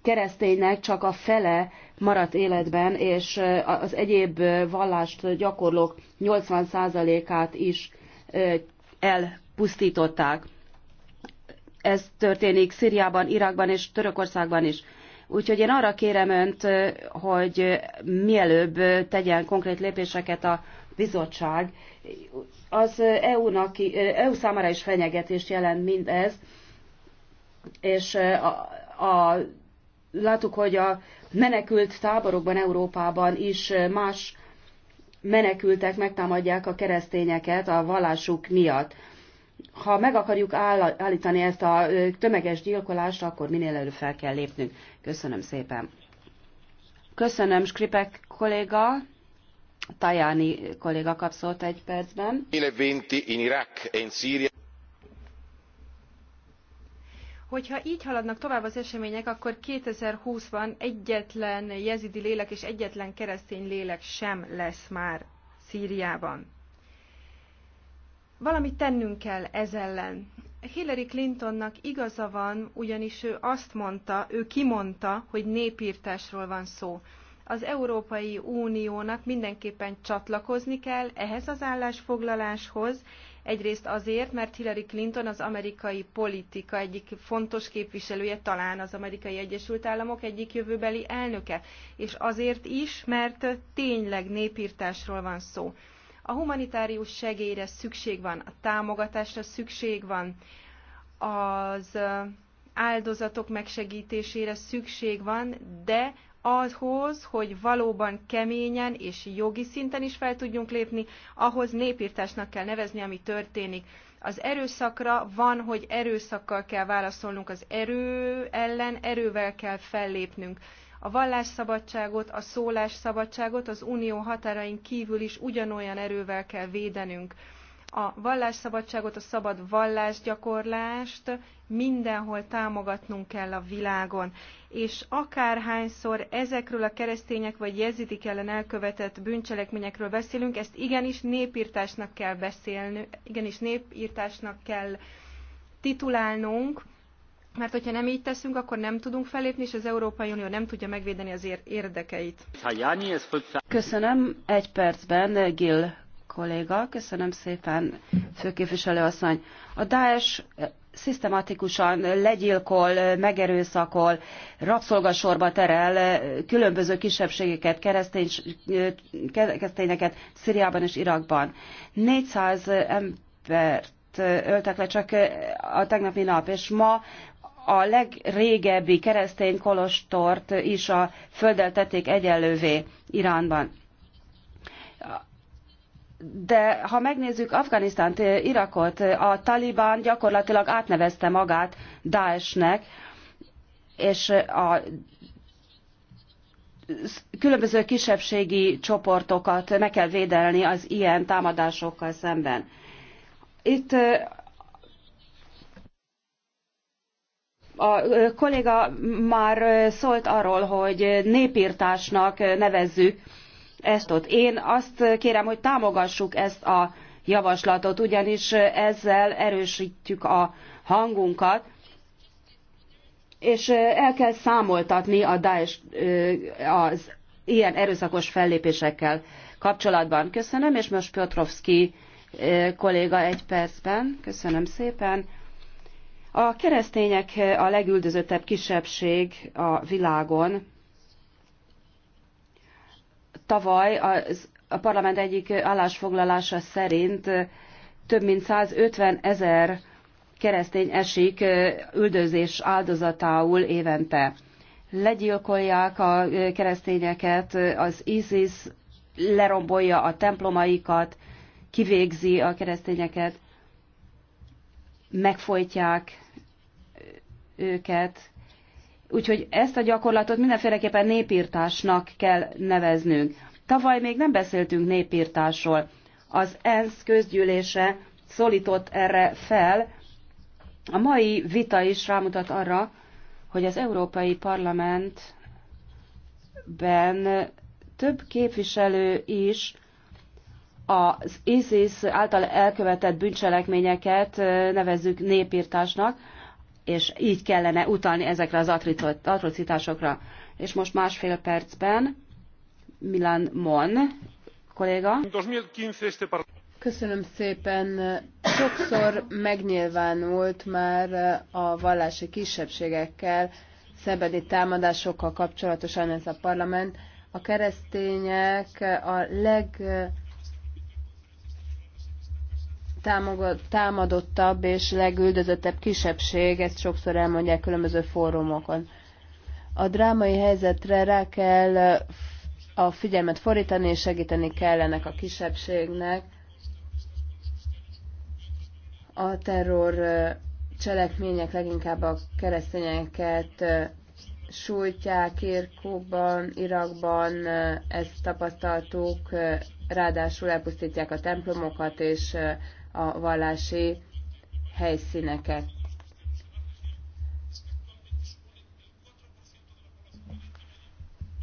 A: kereszténynek csak a fele maradt életben, és az egyéb vallást gyakorlók 80%-át is elpusztították ez történik Szíriában, Irakban és Törökországban is. Úgyhogy én arra kérem önt, hogy mielőbb tegyen konkrét lépéseket a bizottság. Az EU-nak, EU számára is fenyegetést jelent mindez, és a, a, látuk, hogy a menekült táborokban Európában is más menekültek megtámadják a keresztényeket a vallásuk miatt ha meg akarjuk állítani ezt a tömeges gyilkolást, akkor minél előbb fel kell lépnünk. Köszönöm szépen. Köszönöm, Skripek kolléga. Tajani kolléga kap szót egy percben.
F: 2020 in Irak and e Syria.
A: Hogyha így
E: haladnak tovább az események, akkor 2020-ban egyetlen jezidi lélek és egyetlen keresztény lélek sem lesz már Szíriában. Valamit tennünk kell ez ellen. Hillary Clintonnak igaza van, ugyanis ő azt mondta, ő kimondta, hogy népírtásról van szó. Az Európai Uniónak mindenképpen csatlakozni kell ehhez az állásfoglaláshoz, egyrészt azért, mert Hillary Clinton az amerikai politika egyik fontos képviselője, talán az amerikai Egyesült Államok egyik jövőbeli elnöke, és azért is, mert tényleg népírtásról van szó. A humanitárius segélyre szükség van, a támogatásra szükség van, az áldozatok megsegítésére szükség van, de ahhoz, hogy valóban keményen és jogi szinten is fel tudjunk lépni, ahhoz népírtásnak kell nevezni, ami történik. Az erőszakra van, hogy erőszakkal kell válaszolnunk, az erő ellen erővel kell fellépnünk a vallásszabadságot, a szólásszabadságot az unió határain kívül is ugyanolyan erővel kell védenünk. A vallásszabadságot, a szabad vallásgyakorlást mindenhol támogatnunk kell a világon. És akárhányszor ezekről a keresztények vagy jezidik ellen elkövetett bűncselekményekről beszélünk, ezt igenis népírtásnak kell beszélni, igenis népírtásnak kell titulálnunk, mert hogyha nem így teszünk, akkor nem tudunk felépni, és az Európai Unió nem tudja megvédeni az érdekeit.
A: Köszönöm egy percben, Gil kolléga, köszönöm szépen, főképviselő asszony. A Daesh eh, szisztematikusan legyilkol, megerőszakol, rabszolgasorba terel eh, különböző kisebbségeket, keresztény, eh, keresztényeket Szíriában és Irakban. 400 embert öltek le csak a tegnapi nap, és ma a legrégebbi keresztény kolostort is a földdel tették egyenlővé Iránban. De ha megnézzük Afganisztánt, Irakot, a Taliban gyakorlatilag átnevezte magát Daesh-nek, és a különböző kisebbségi csoportokat meg kell védelni az ilyen támadásokkal szemben. Itt A kolléga már szólt arról, hogy népírtásnak nevezzük ezt ott. Én azt kérem, hogy támogassuk ezt a javaslatot, ugyanis ezzel erősítjük a hangunkat, és el kell számoltatni a Daesh az ilyen erőszakos fellépésekkel kapcsolatban. Köszönöm, és most Piotrowski kolléga egy percben. Köszönöm szépen. A keresztények a legüldözöttebb kisebbség a világon. Tavaly az, a parlament egyik állásfoglalása szerint több mint 150 ezer keresztény esik üldözés áldozatául évente. Legyilkolják a keresztényeket, az ISIS lerombolja a templomaikat, kivégzi a keresztényeket megfojtják őket. Úgyhogy ezt a gyakorlatot mindenféleképpen népírtásnak kell neveznünk. Tavaly még nem beszéltünk népírtásról. Az ENSZ közgyűlése szólított erre fel. A mai vita is rámutat arra, hogy az Európai Parlamentben több képviselő is az ISIS által elkövetett bűncselekményeket nevezzük népírtásnak, és így kellene utalni ezekre az atrocitásokra. És most másfél percben Milan Mon kolléga. Köszönöm szépen.
D: Sokszor megnyilvánult már a vallási kisebbségekkel szebedi támadásokkal kapcsolatosan ez a parlament. A keresztények a leg legtámadottabb és legüldözöttebb kisebbség, ezt sokszor elmondják különböző fórumokon. A drámai helyzetre rá kell a figyelmet fordítani, és segíteni kell ennek a kisebbségnek. A terror cselekmények leginkább a keresztényeket sújtják Irkóban, Irakban, ezt tapasztaltuk, ráadásul elpusztítják a templomokat, és a vallási helyszíneket.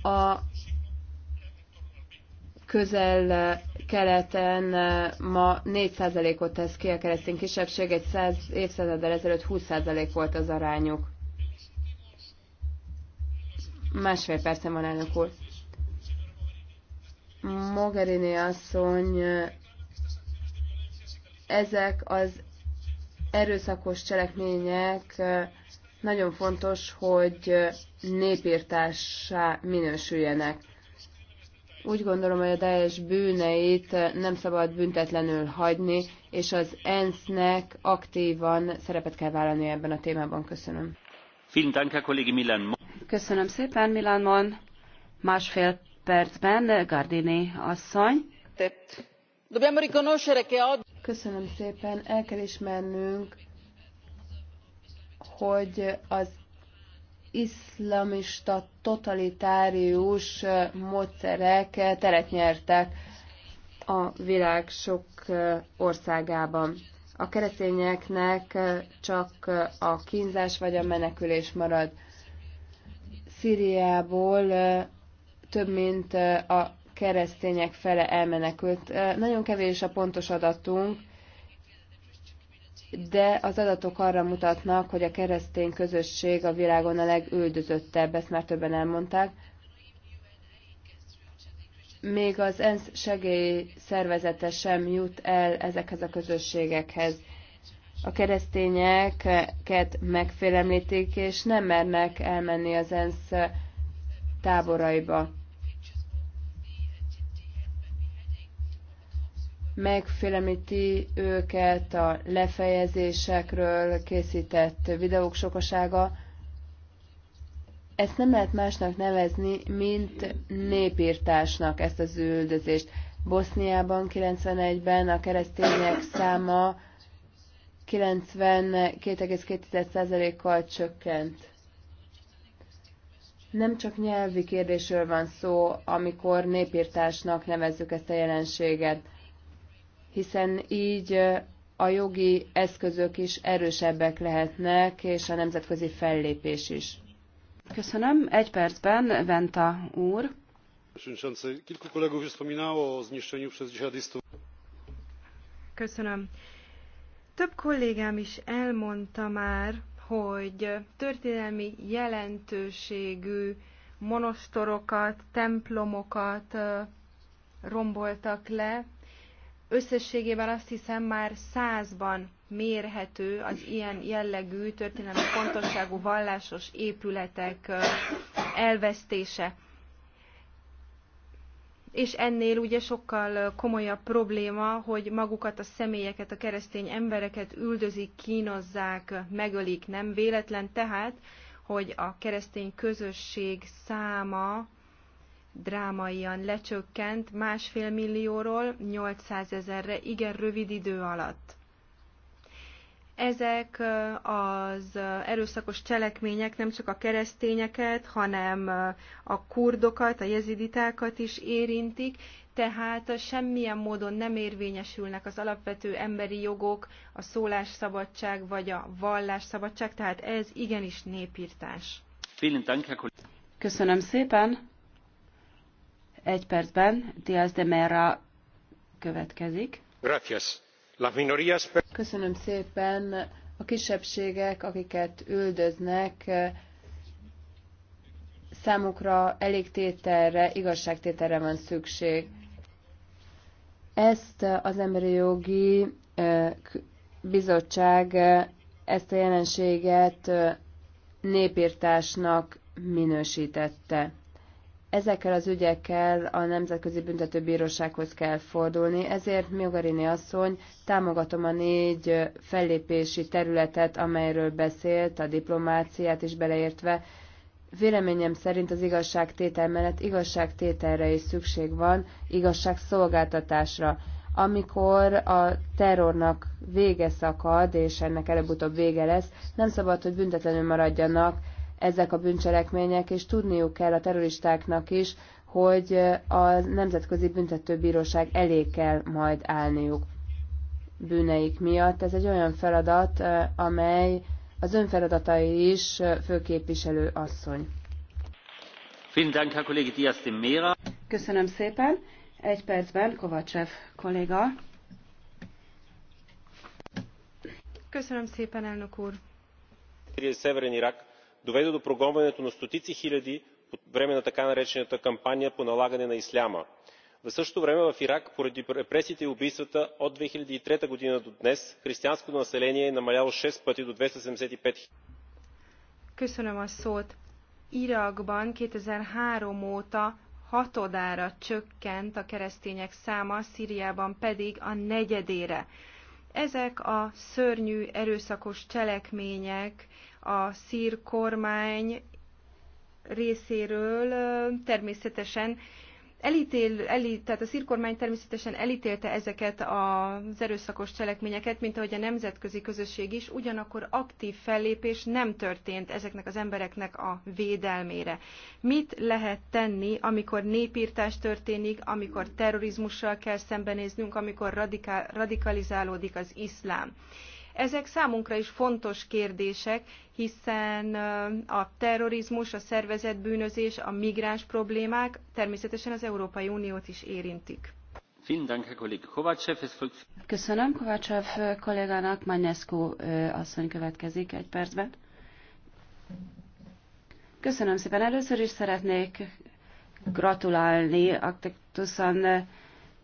D: A közel keleten eh, ma 4%-ot tesz ki a keresztény kisebbség, egy 100 évszázaddal ezelőtt 20% volt az arányuk. Másfél percen van elnök úr. Mogherini asszony eh, ezek az erőszakos cselekmények nagyon fontos, hogy népírtássá minősüljenek. Úgy gondolom, hogy a teljes bűneit nem szabad büntetlenül hagyni, és az ENSZ-nek aktívan szerepet kell vállalni ebben a témában. Köszönöm.
A: Köszönöm szépen, Milan Mon. Másfél percben Gardini asszony. Dobbiamo riconoscere che oggi Köszönöm
D: szépen. El kell ismernünk, hogy az iszlamista totalitárius módszerek teret nyertek a világ sok országában. A keresztényeknek csak a kínzás vagy a menekülés marad. Szíriából több mint a keresztények fele elmenekült. Nagyon kevés a pontos adatunk, de az adatok arra mutatnak, hogy a keresztény közösség a világon a legüldözöttebb, ezt már többen elmondták. Még az ENSZ segélyszervezete sem jut el ezekhez a közösségekhez. A keresztényeket megfélemlítik, és nem mernek elmenni az ENSZ táboraiba. megfélemlíti őket a lefejezésekről készített videók sokasága. Ezt nem lehet másnak nevezni, mint népírtásnak ezt az üldözést. Boszniában 91-ben a keresztények száma 92,2%-kal csökkent. Nem csak nyelvi kérdésről van szó, amikor népírtásnak nevezzük ezt a jelenséget hiszen így a jogi eszközök is erősebbek lehetnek, és a nemzetközi fellépés
A: is. Köszönöm. Egy percben, Venta úr. Köszönöm.
E: Több kollégám is elmondta már, hogy történelmi jelentőségű monostorokat, templomokat romboltak le Összességében azt hiszem már százban mérhető az ilyen jellegű történelmi fontosságú vallásos épületek elvesztése. És ennél ugye sokkal komolyabb probléma, hogy magukat a személyeket, a keresztény embereket üldözik, kínozzák, megölik. Nem véletlen tehát, hogy a keresztény közösség száma drámaian lecsökkent másfél millióról 800 ezerre, igen rövid idő alatt. Ezek az erőszakos cselekmények nem csak a keresztényeket, hanem a kurdokat, a jeziditákat is érintik, tehát semmilyen módon nem érvényesülnek az alapvető emberi jogok, a szólásszabadság vagy a vallásszabadság, tehát ez igenis népírtás.
B: Köszönöm
A: szépen! Egy percben Diaz de Mera következik.
F: Gracias. Las minorías...
D: Köszönöm szépen. A kisebbségek, akiket üldöznek, számukra elég tételre, igazságtételre van szükség. Ezt az emberi jogi bizottság ezt a jelenséget népírtásnak minősítette. Ezekkel az ügyekkel a Nemzetközi Büntetőbírósághoz kell fordulni, ezért Miogarini asszony támogatom a négy fellépési területet, amelyről beszélt, a diplomáciát is beleértve. Véleményem szerint az igazságtétel mellett igazságtételre is szükség van, igazságszolgáltatásra. Amikor a terrornak vége szakad, és ennek előbb-utóbb vége lesz, nem szabad, hogy büntetlenül maradjanak ezek a bűncselekmények, és tudniuk kell a terroristáknak is, hogy a Nemzetközi Büntetőbíróság elé kell majd állniuk bűneik miatt. Ez egy olyan feladat, amely az ön feladatai is
A: főképviselő asszony. Köszönöm szépen. Egy percben Kovacsev kolléga.
E: Köszönöm szépen, elnök úr.
G: Szeveren Irak доведе до прогонването на стотици хиляди по време на така наречената кампания по налагане на исляма. в същото време в ирак поради репресиите и убийствата от две хиляди и трета г. до днес християнското население е намаляло шест пъти до. two
E: hundred and hatodára csökkent a keresztények száma, Szíriában pedig a negyedére. Ezek a szörnyű erőszakos cselekmények a szír kormány részéről természetesen elítél, elí, tehát a szírkormány természetesen elítélte ezeket az erőszakos cselekményeket, mint ahogy a nemzetközi közösség is, ugyanakkor aktív fellépés nem történt ezeknek az embereknek a védelmére. Mit lehet tenni, amikor népírtás történik, amikor terrorizmussal kell szembenéznünk, amikor radikál, radikalizálódik az iszlám? Ezek számunkra is fontos kérdések, hiszen a terrorizmus, a szervezett bűnözés, a migráns problémák természetesen az Európai
A: Uniót is érintik. Köszönöm Kovácsev kollégának, Magnescu asszony következik egy percben. Köszönöm szépen. Először is szeretnék gratulálni Aktektuszan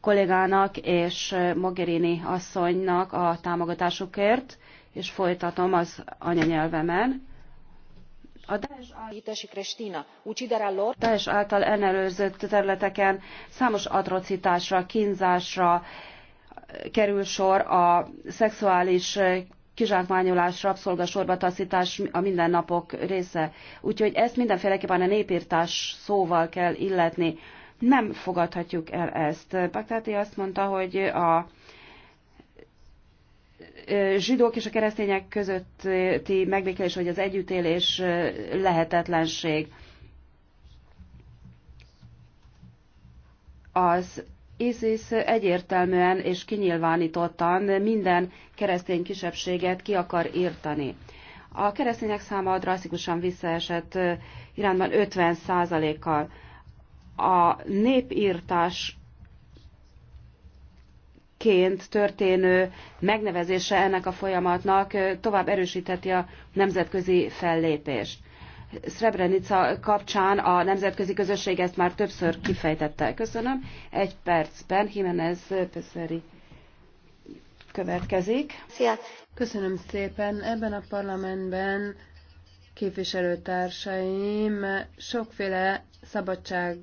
A: kollégának és Mogherini asszonynak a támogatásukért, és folytatom az anyanyelvemen. A Daesh által ellenőrzött területeken számos atrocitásra, kínzásra kerül sor a szexuális kizsákmányolás, rabszolgasorba taszítás a mindennapok része. Úgyhogy ezt mindenféleképpen a népírtás szóval kell illetni. Nem fogadhatjuk el ezt. Paktáti azt mondta, hogy a zsidók és a keresztények közötti megbékélés, hogy az együttélés lehetetlenség. Az ISIS egyértelműen és kinyilvánítottan minden keresztény kisebbséget ki akar írtani. A keresztények száma drasztikusan visszaesett Iránban 50 kal a népírtás ként történő megnevezése ennek a folyamatnak tovább erősítheti a nemzetközi fellépést. Srebrenica kapcsán a nemzetközi közösség ezt már többször kifejtette. Köszönöm. Egy percben Jimenez Peszeri következik.
D: Szia. Köszönöm szépen. Ebben a parlamentben képviselőtársaim sokféle szabadság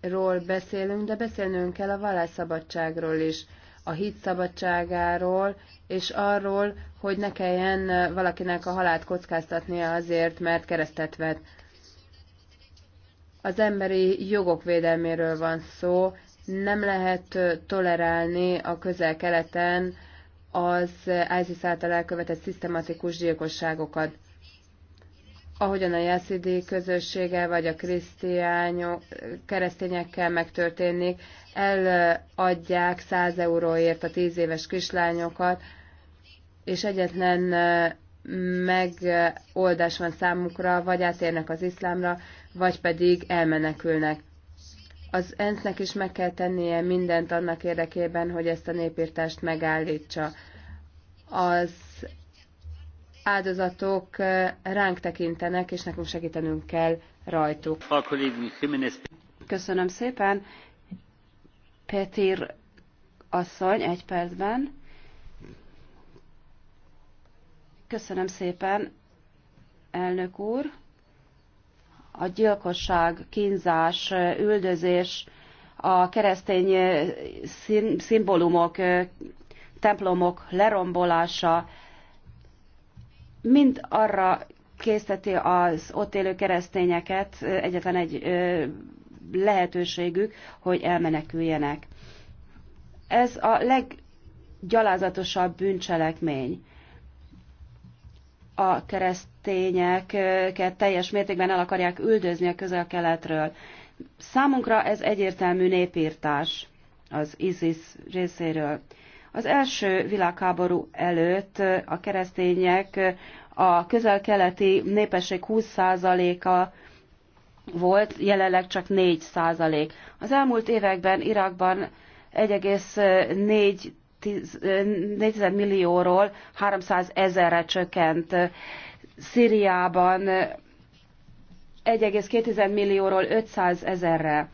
D: ról beszélünk, de beszélnünk kell a vallásszabadságról is, a hit szabadságáról, és arról, hogy ne kelljen valakinek a halált kockáztatnia azért, mert keresztet vett. Az emberi jogok védelméről van szó, nem lehet tolerálni a közel-keleten az ISIS által elkövetett szisztematikus gyilkosságokat ahogyan a Jászidi közössége, vagy a keresztényekkel megtörténik, eladják 100 euróért a 10 éves kislányokat, és egyetlen megoldás van számukra, vagy átérnek az iszlámra, vagy pedig elmenekülnek. Az ENSZ-nek is meg kell tennie mindent annak érdekében, hogy ezt a népírtást megállítsa. Az áldozatok ránk tekintenek, és nekünk segítenünk kell rajtuk. Köszönöm
A: szépen. Petir asszony, egy percben. Köszönöm szépen, elnök úr. A gyilkosság, kínzás, üldözés, a keresztény szimbólumok, templomok lerombolása, mind arra készteti az ott élő keresztényeket, egyetlen egy lehetőségük, hogy elmeneküljenek. Ez a leggyalázatosabb bűncselekmény. A keresztényeket teljes mértékben el akarják üldözni a közel-keletről. Számunkra ez egyértelmű népírtás az ISIS részéről. Az első világháború előtt a keresztények a közel-keleti népesség 20%-a volt, jelenleg csak 4%. Az elmúlt években Irakban 1,4 millióról 300 ezerre csökkent. Szíriában 1,2 millióról 500 ezerre.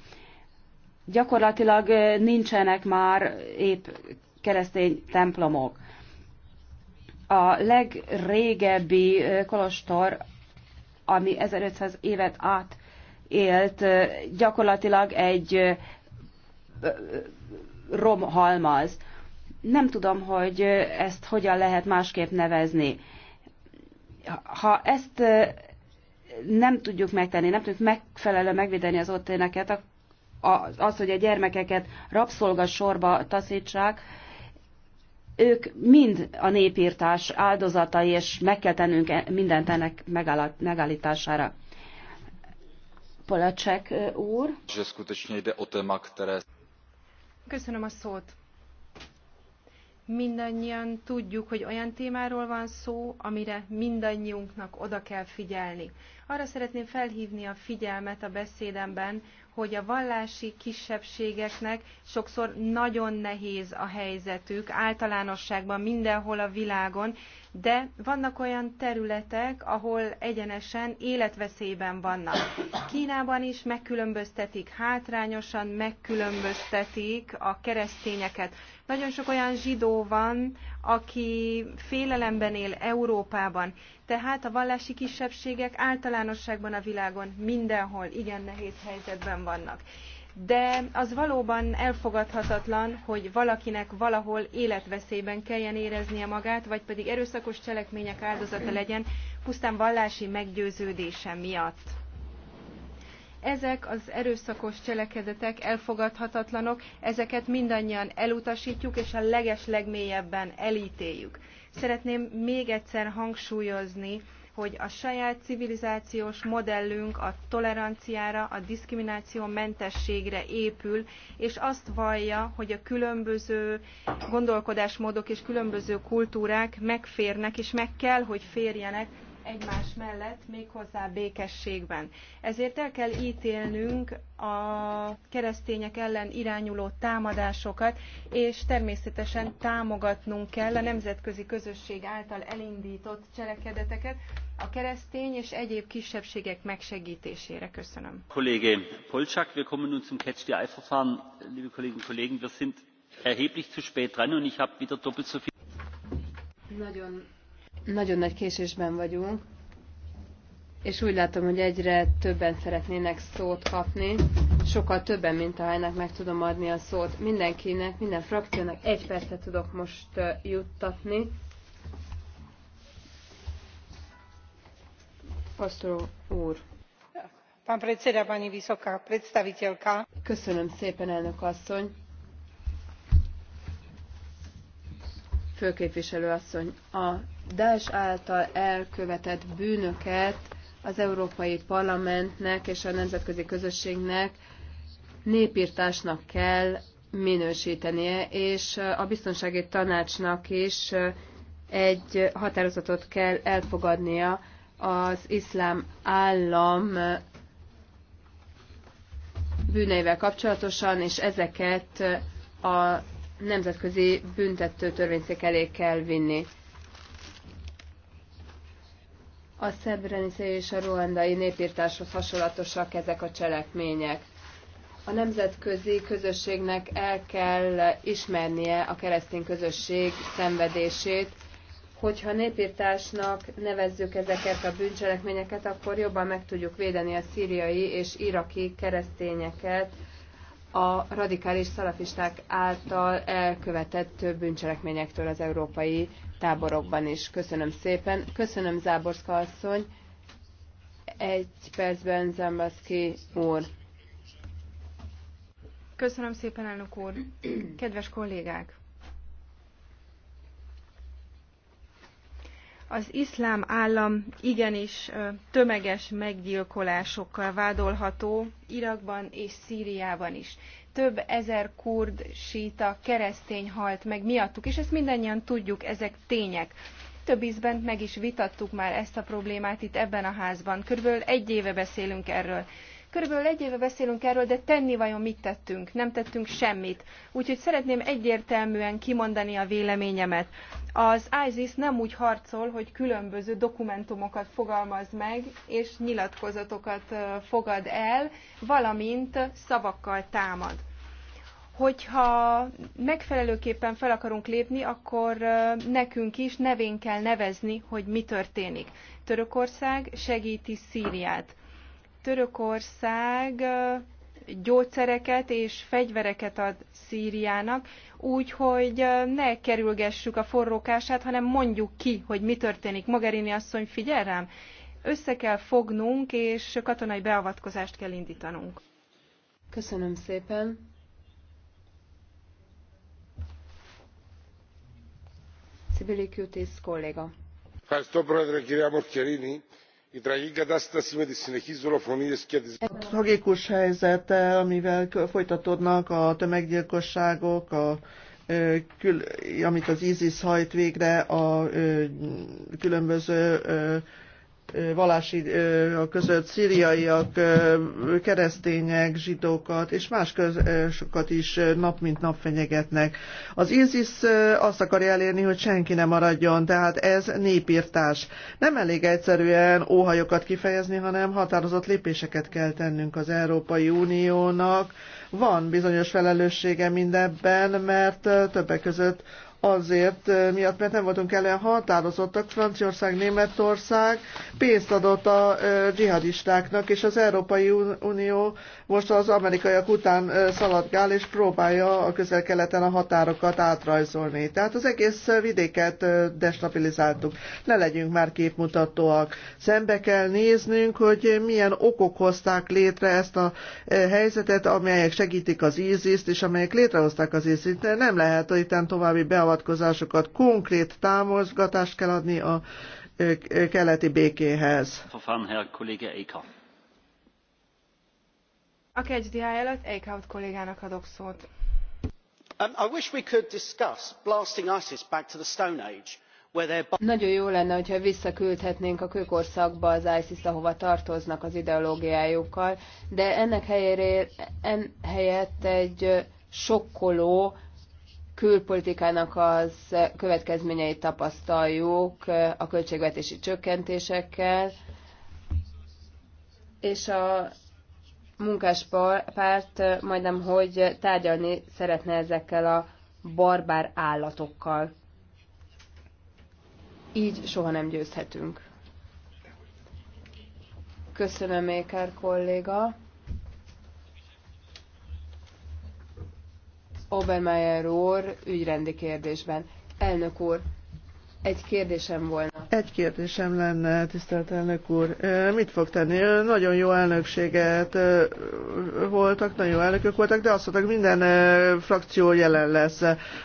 A: Gyakorlatilag nincsenek már épp keresztény templomok. A legrégebbi kolostor, ami 1500 évet át élt, gyakorlatilag egy romhalmaz. Nem tudom, hogy ezt hogyan lehet másképp nevezni. Ha ezt nem tudjuk megtenni, nem tudjuk megfelelően megvédeni az ott éneket, az, hogy a gyermekeket rabszolga sorba taszítsák, ők mind a népírtás áldozatai, és meg kell tennünk e- mindent ennek megállítására. Polacsek úr.
E: Köszönöm a szót. Mindannyian tudjuk, hogy olyan témáról van szó, amire mindannyiunknak oda kell figyelni. Arra szeretném felhívni a figyelmet a beszédemben, hogy a vallási kisebbségeknek sokszor nagyon nehéz a helyzetük általánosságban mindenhol a világon de vannak olyan területek, ahol egyenesen életveszélyben vannak. Kínában is megkülönböztetik, hátrányosan megkülönböztetik a keresztényeket. Nagyon sok olyan zsidó van, aki félelemben él Európában. Tehát a vallási kisebbségek általánosságban a világon mindenhol igen nehéz helyzetben vannak de az valóban elfogadhatatlan, hogy valakinek valahol életveszélyben kelljen éreznie magát, vagy pedig erőszakos cselekmények áldozata legyen, pusztán vallási meggyőződése miatt. Ezek az erőszakos cselekedetek elfogadhatatlanok, ezeket mindannyian elutasítjuk, és a leges legmélyebben elítéljük. Szeretném még egyszer hangsúlyozni, hogy a saját civilizációs modellünk a toleranciára, a diszkrimináció mentességre épül, és azt vallja, hogy a különböző gondolkodásmódok és különböző kultúrák megférnek, és meg kell, hogy férjenek egymás mellett, méghozzá békességben. Ezért el kell ítélnünk a keresztények ellen irányuló támadásokat, és természetesen támogatnunk kell a nemzetközi közösség által elindított cselekedeteket a keresztény és egyéb kisebbségek megsegítésére. Köszönöm.
B: Kollege Polcsak, wir kommen nun zum Catch the Eye-Verfahren. Liebe Kolleginnen und Kollegen, wir sind erheblich zu spät dran und ich habe wieder doppelt so viel.
D: Nagyon nagyon nagy késésben vagyunk, és úgy látom, hogy egyre többen szeretnének szót kapni, sokkal többen, mint ahánynak meg tudom adni a szót. Mindenkinek, minden frakciónak egy percet tudok most juttatni. Pasztoró úr. Pán predseda, pani vysoká predstaviteľka. Köszönöm szépen, elnök asszony. Főképviselő asszony, a Daesh által elkövetett bűnöket az Európai Parlamentnek és a nemzetközi közösségnek népírtásnak kell minősítenie, és a biztonsági tanácsnak is egy határozatot kell elfogadnia az iszlám állam bűneivel kapcsolatosan, és ezeket a nemzetközi büntető törvényszék elé kell vinni. A szebreniszi és a ruandai népírtáshoz hasonlatosak ezek a cselekmények. A nemzetközi közösségnek el kell ismernie a keresztény közösség szenvedését, hogyha népírtásnak nevezzük ezeket a bűncselekményeket, akkor jobban meg tudjuk védeni a szíriai és iraki keresztényeket a radikális szalafisták által elkövetett bűncselekményektől az Európai táborokban is. Köszönöm szépen. Köszönöm Záborszka asszony. Egy percben Zambaszki úr.
E: Köszönöm szépen, elnök úr. Kedves kollégák! az iszlám állam igenis tömeges meggyilkolásokkal vádolható Irakban és Szíriában is több ezer kurd, síta, keresztény halt meg miattuk, és ezt mindannyian tudjuk, ezek tények. Több ízben meg is vitattuk már ezt a problémát itt ebben a házban. Körülbelül egy éve beszélünk erről. Körülbelül egy éve beszélünk erről, de tenni vajon mit tettünk? Nem tettünk semmit. Úgyhogy szeretném egyértelműen kimondani a véleményemet. Az ISIS nem úgy harcol, hogy különböző dokumentumokat fogalmaz meg, és nyilatkozatokat fogad el, valamint szavakkal támad hogyha megfelelőképpen fel akarunk lépni, akkor nekünk is nevén kell nevezni, hogy mi történik. Törökország segíti Szíriát. Törökország gyógyszereket és fegyvereket ad Szíriának, úgyhogy ne kerülgessük a forrókását, hanem mondjuk ki, hogy mi történik. Mogherini asszony, figyel rám! Össze kell fognunk, és katonai beavatkozást kell indítanunk. Köszönöm szépen!
H: Sibeli Kutis kolléga.
F: Köszönöm, a
H: tragikus helyzet, amivel folytatódnak a tömeggyilkosságok, a, amit az ISIS hajt végre a különböző vallási között szíriaiak, keresztények, zsidókat és más másokat is nap mint nap fenyegetnek. Az ISIS azt akarja elérni, hogy senki ne maradjon, tehát ez népírtás. Nem elég egyszerűen óhajokat kifejezni, hanem határozott lépéseket kell tennünk az Európai Uniónak. Van bizonyos felelőssége mindebben, mert többek között azért eh, miatt, mert nem voltunk ellen határozottak. Franciaország, Németország pénzt adott a eh, dzsihadistáknak, és az Európai Unió most az amerikaiak után eh, szaladgál, és próbálja a közel-keleten a határokat átrajzolni. Tehát az egész vidéket destabilizáltuk. Ne legyünk már képmutatóak. Szembe kell néznünk, hogy milyen okok hozták létre ezt a helyzetet, amelyek segítik az ISIS-t, és amelyek létrehozták az ISIS-t. Nem lehet itt további beavatkozás beavatkozásokat, konkrét támogatást kell adni a keleti békéhez.
E: A KHDI előtt Eichhout kollégának adok szót.
D: Um, Nagyon jó lenne, hogyha visszaküldhetnénk a kőkorszakba az ISIS, ahova tartoznak az ideológiájukkal, de ennek helyére, en, helyett egy sokkoló külpolitikának az következményeit tapasztaljuk a költségvetési csökkentésekkel, és a munkáspárt majdnem, hogy tárgyalni szeretne ezekkel a barbár állatokkal. Így soha nem győzhetünk. Köszönöm, Éker kolléga. Obermeyer úr ügyrendi kérdésben. Elnök úr, egy kérdésem volna.
H: Egy kérdésem lenne, tisztelt elnök úr. Mit fog tenni? Nagyon jó elnökséget voltak, nagyon jó elnökök voltak, de azt mondták, minden frakció jelen lesz.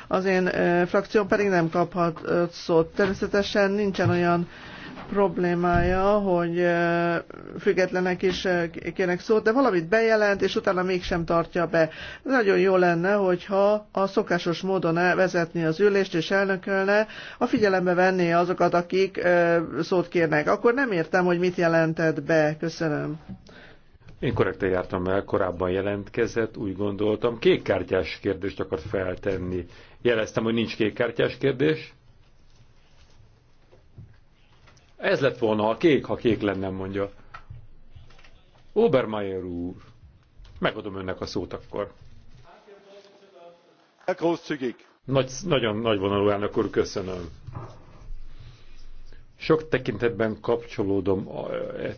H: Az én frakcióm pedig nem kaphat szót. Természetesen nincsen olyan problémája, hogy függetlenek is kérnek szót, de valamit bejelent, és utána mégsem tartja be. Nagyon jó lenne, hogyha a szokásos módon vezetni az ülést és elnökölne, a figyelembe venné azokat, akik szót kérnek. Akkor nem értem, hogy mit jelentett be. Köszönöm.
F: Én korrektan jártam el, korábban jelentkezett, úgy gondoltam, kékkártyás kérdést akart feltenni. Jeleztem, hogy nincs kékkártyás kérdés, ez lett volna a kék, ha kék lenne, mondja. Obermeier úr, megadom önnek a szót akkor. Nagy, nagyon nagy vonalú elnök úr, köszönöm. Sok tekintetben kapcsolódom a e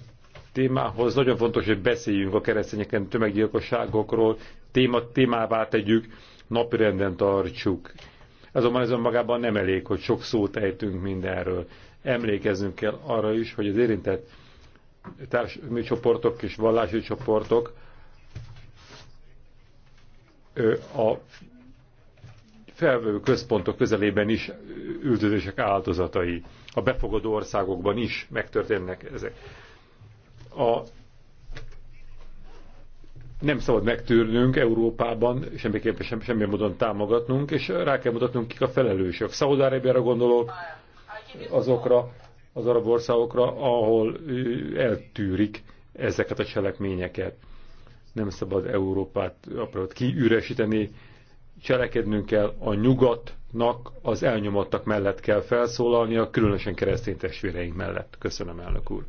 F: témához. Nagyon fontos, hogy beszéljünk a keresztényeken tömeggyilkosságokról, téma, témává tegyük, napirenden tartsuk. Azonban ez önmagában nem elég, hogy sok szót ejtünk mindenről emlékeznünk kell arra is, hogy az érintett társadalmi csoportok és vallási csoportok a felvő központok közelében is üldözések áldozatai. A befogadó országokban is megtörténnek ezek. A nem szabad megtűrnünk Európában, semmiképpen sem, semmilyen módon támogatnunk, és rá kell mutatnunk, kik a felelősök. Szaudárébjára gondolok, azokra az arab országokra, ahol eltűrik ezeket a cselekményeket. Nem szabad Európát kiüresíteni, cselekednünk kell a nyugatnak, az elnyomottak mellett kell felszólalni, a különösen keresztény testvéreink mellett. Köszönöm, elnök úr.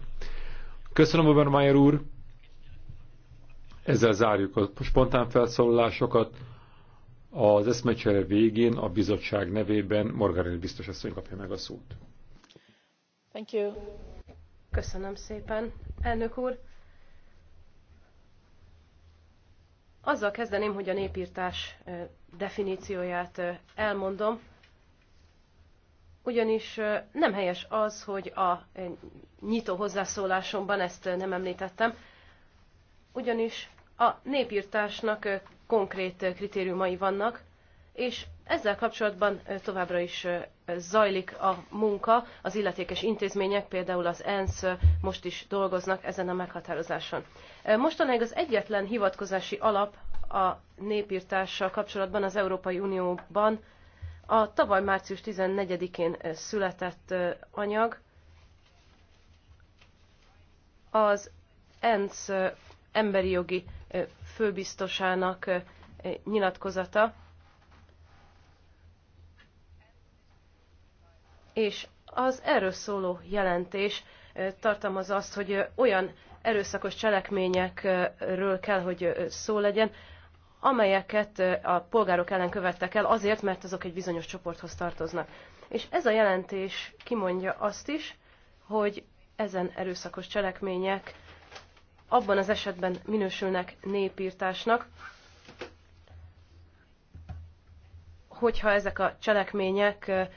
F: Köszönöm, Obermeyer úr. Ezzel zárjuk a spontán felszólalásokat. Az eszmecsere végén a bizottság nevében Margarin biztos asszony kapja meg a szót.
C: Thank you. Köszönöm szépen, elnök úr. Azzal kezdeném, hogy a népírtás definícióját elmondom, ugyanis nem helyes az, hogy a nyitó hozzászólásomban ezt nem említettem, ugyanis a népírtásnak konkrét kritériumai vannak, és ezzel kapcsolatban továbbra is zajlik a munka, az illetékes intézmények, például az ENSZ most is dolgoznak ezen a meghatározáson. Mostanáig az egyetlen hivatkozási alap a népírtással kapcsolatban az Európai Unióban a tavaly március 14-én született anyag az ENSZ emberi jogi főbiztosának nyilatkozata, és az erről szóló jelentés tartalmaz azt, hogy olyan erőszakos cselekményekről kell, hogy szó legyen, amelyeket a polgárok ellen követtek el azért, mert azok egy bizonyos csoporthoz tartoznak. És ez a jelentés kimondja azt is, hogy ezen erőszakos cselekmények abban az esetben minősülnek népírtásnak, hogyha ezek a cselekmények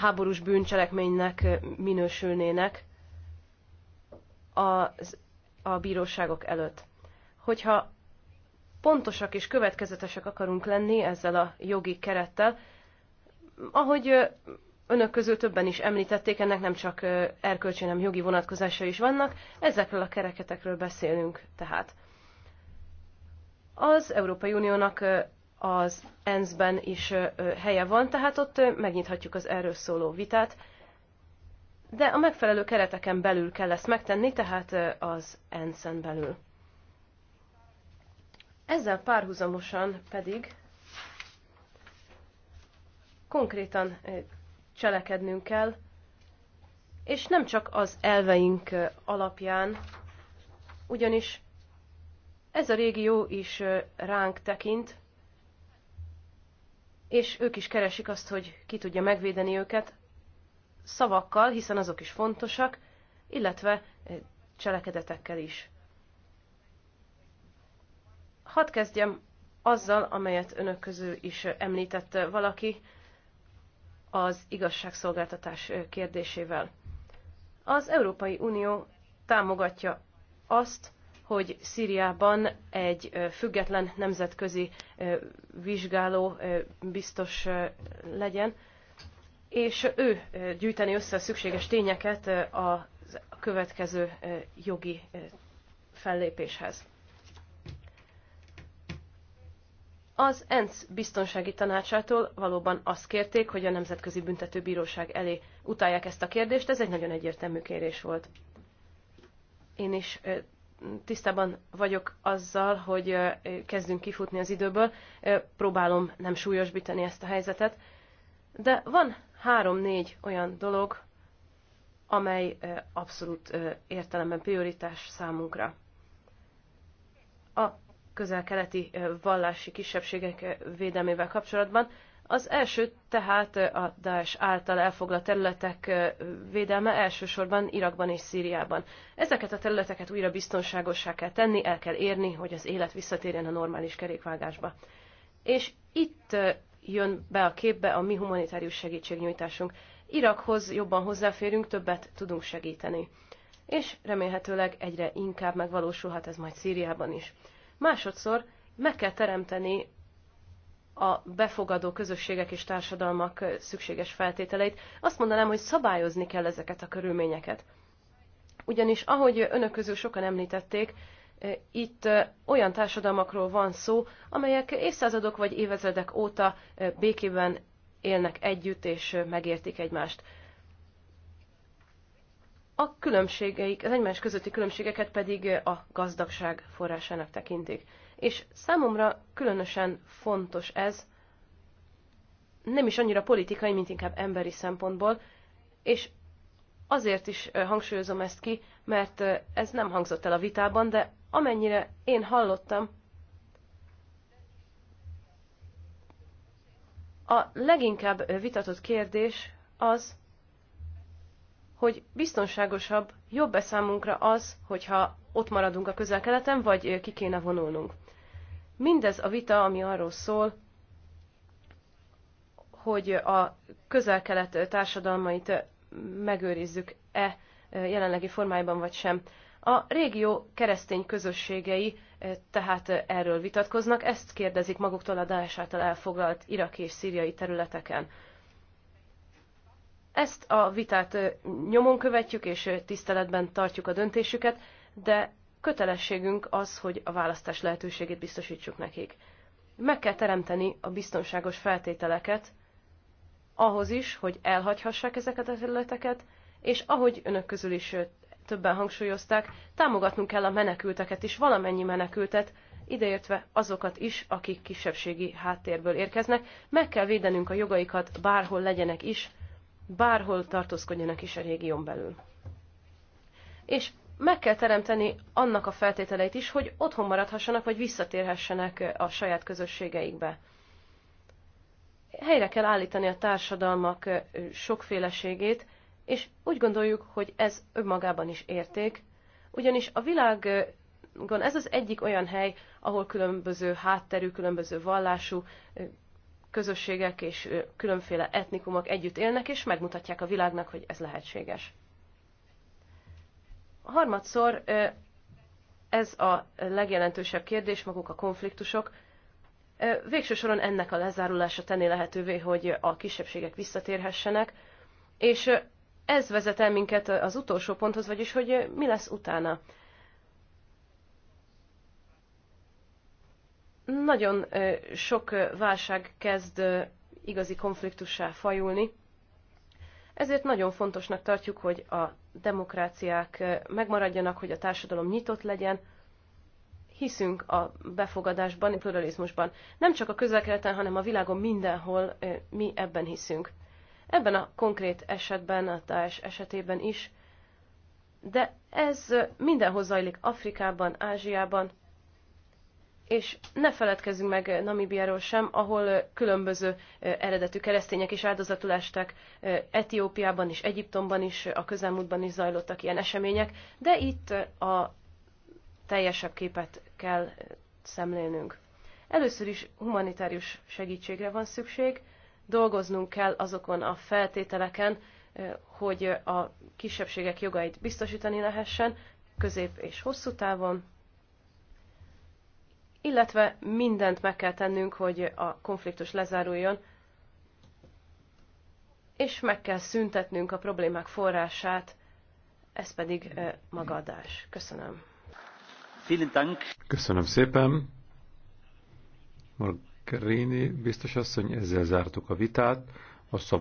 C: háborús bűncselekménynek minősülnének a, a bíróságok előtt. Hogyha pontosak és következetesek akarunk lenni ezzel a jogi kerettel, ahogy önök közül többen is említették, ennek nem csak erkölcsi, hanem jogi vonatkozása is vannak, ezekről a kereketekről beszélünk tehát. Az Európai Uniónak az ENSZ-ben is helye van, tehát ott megnyithatjuk az erről szóló vitát, de a megfelelő kereteken belül kell ezt megtenni, tehát az ENSZ-en belül. Ezzel párhuzamosan pedig konkrétan cselekednünk kell, és nem csak az elveink alapján, ugyanis ez a régió is ránk tekint, és ők is keresik azt, hogy ki tudja megvédeni őket szavakkal, hiszen azok is fontosak, illetve eh, cselekedetekkel is. Hadd kezdjem azzal, amelyet önök közül is eh, említett valaki, az igazságszolgáltatás eh, kérdésével. Az Európai Unió támogatja azt, hogy Szíriában egy független nemzetközi vizsgáló biztos legyen, és ő gyűjteni össze a szükséges tényeket a következő jogi fellépéshez. Az ENSZ biztonsági tanácsától valóban azt kérték, hogy a Nemzetközi Büntetőbíróság elé utálják ezt a kérdést, ez egy nagyon egyértelmű kérés volt. Én is tisztában vagyok azzal, hogy kezdünk kifutni az időből, próbálom nem súlyosbítani ezt a helyzetet, de van három-négy olyan dolog, amely abszolút értelemben prioritás számunkra. A közel-keleti vallási kisebbségek védelmével kapcsolatban az első tehát a Daesh által elfoglalt területek védelme elsősorban Irakban és Szíriában. Ezeket a területeket újra biztonságosá kell tenni, el kell érni, hogy az élet visszatérjen a normális kerékvágásba. És itt jön be a képbe a mi humanitárius segítségnyújtásunk. Irakhoz jobban hozzáférünk, többet tudunk segíteni. És remélhetőleg egyre inkább megvalósulhat ez majd Szíriában is. Másodszor meg kell teremteni a befogadó közösségek és társadalmak szükséges feltételeit, azt mondanám, hogy szabályozni kell ezeket a körülményeket. Ugyanis, ahogy önök közül sokan említették, eh, itt eh, olyan társadalmakról van szó, amelyek évszázadok vagy évezredek óta eh, békében élnek együtt és megértik egymást. A különbségeik, az egymás közötti különbségeket pedig a gazdagság forrásának tekintik és számomra különösen fontos ez, nem is annyira politikai, mint inkább emberi szempontból, és azért is hangsúlyozom ezt ki, mert ez nem hangzott el a vitában, de amennyire én hallottam, a leginkább vitatott kérdés az, hogy biztonságosabb, jobb-e számunkra az, hogyha ott maradunk a közel-keleten, vagy ki kéne vonulnunk. Mindez a vita, ami arról szól, hogy a közel-kelet társadalmait megőrizzük-e jelenlegi formájban vagy sem. A régió keresztény közösségei e, tehát erről vitatkoznak, ezt kérdezik maguktól a Daesh által elfoglalt iraki és szíriai területeken. Ezt a vitát e, nyomon követjük és e, tiszteletben tartjuk a döntésüket, de kötelességünk az, hogy a választás lehetőségét biztosítsuk nekik. Meg kell teremteni a biztonságos feltételeket ahhoz is, hogy elhagyhassák ezeket a területeket, és ahogy önök közül is többen hangsúlyozták, támogatnunk kell a menekülteket is, valamennyi menekültet, ideértve azokat is, akik kisebbségi háttérből érkeznek. Meg kell védenünk a jogaikat, bárhol legyenek is, bárhol tartózkodjanak is a régión belül. És meg kell teremteni annak a feltételeit is, hogy otthon maradhassanak, vagy visszatérhessenek a saját közösségeikbe. Helyre kell állítani a társadalmak sokféleségét, és úgy gondoljuk, hogy ez önmagában is érték, ugyanis a világon ez az egyik olyan hely, ahol különböző hátterű, különböző vallású közösségek és különféle etnikumok együtt élnek, és megmutatják a világnak, hogy ez lehetséges. Harmadszor ez a legjelentősebb kérdés, maguk a konfliktusok. Végső soron ennek a lezárulása tenni lehetővé, hogy a kisebbségek visszatérhessenek, és ez vezet el minket az utolsó ponthoz, vagyis hogy mi lesz utána. Nagyon sok válság kezd igazi konfliktussá fajulni, ezért nagyon fontosnak tartjuk, hogy a demokráciák megmaradjanak, hogy a társadalom nyitott legyen, hiszünk a befogadásban, a pluralizmusban. Nem csak a közelkeleten, hanem a világon mindenhol mi ebben hiszünk. Ebben a konkrét esetben, a társ esetében is, de ez mindenhol zajlik Afrikában, Ázsiában, és ne feledkezzünk meg Namibiáról sem, ahol különböző eredetű keresztények is áldozatul estek. Etiópiában is, Egyiptomban is, a közelmúltban is zajlottak ilyen események, de itt a teljesebb képet kell szemlélnünk. Először is humanitárius segítségre van szükség, dolgoznunk kell azokon a feltételeken, hogy a kisebbségek jogait biztosítani lehessen, közép és hosszú távon, illetve mindent meg kell tennünk, hogy a konfliktus lezáruljon, és meg kell szüntetnünk a problémák forrását, ez pedig magadás.
B: Köszönöm.
F: Köszönöm szépen. Margarini biztos asszony, ezzel zártuk a vitát. A szab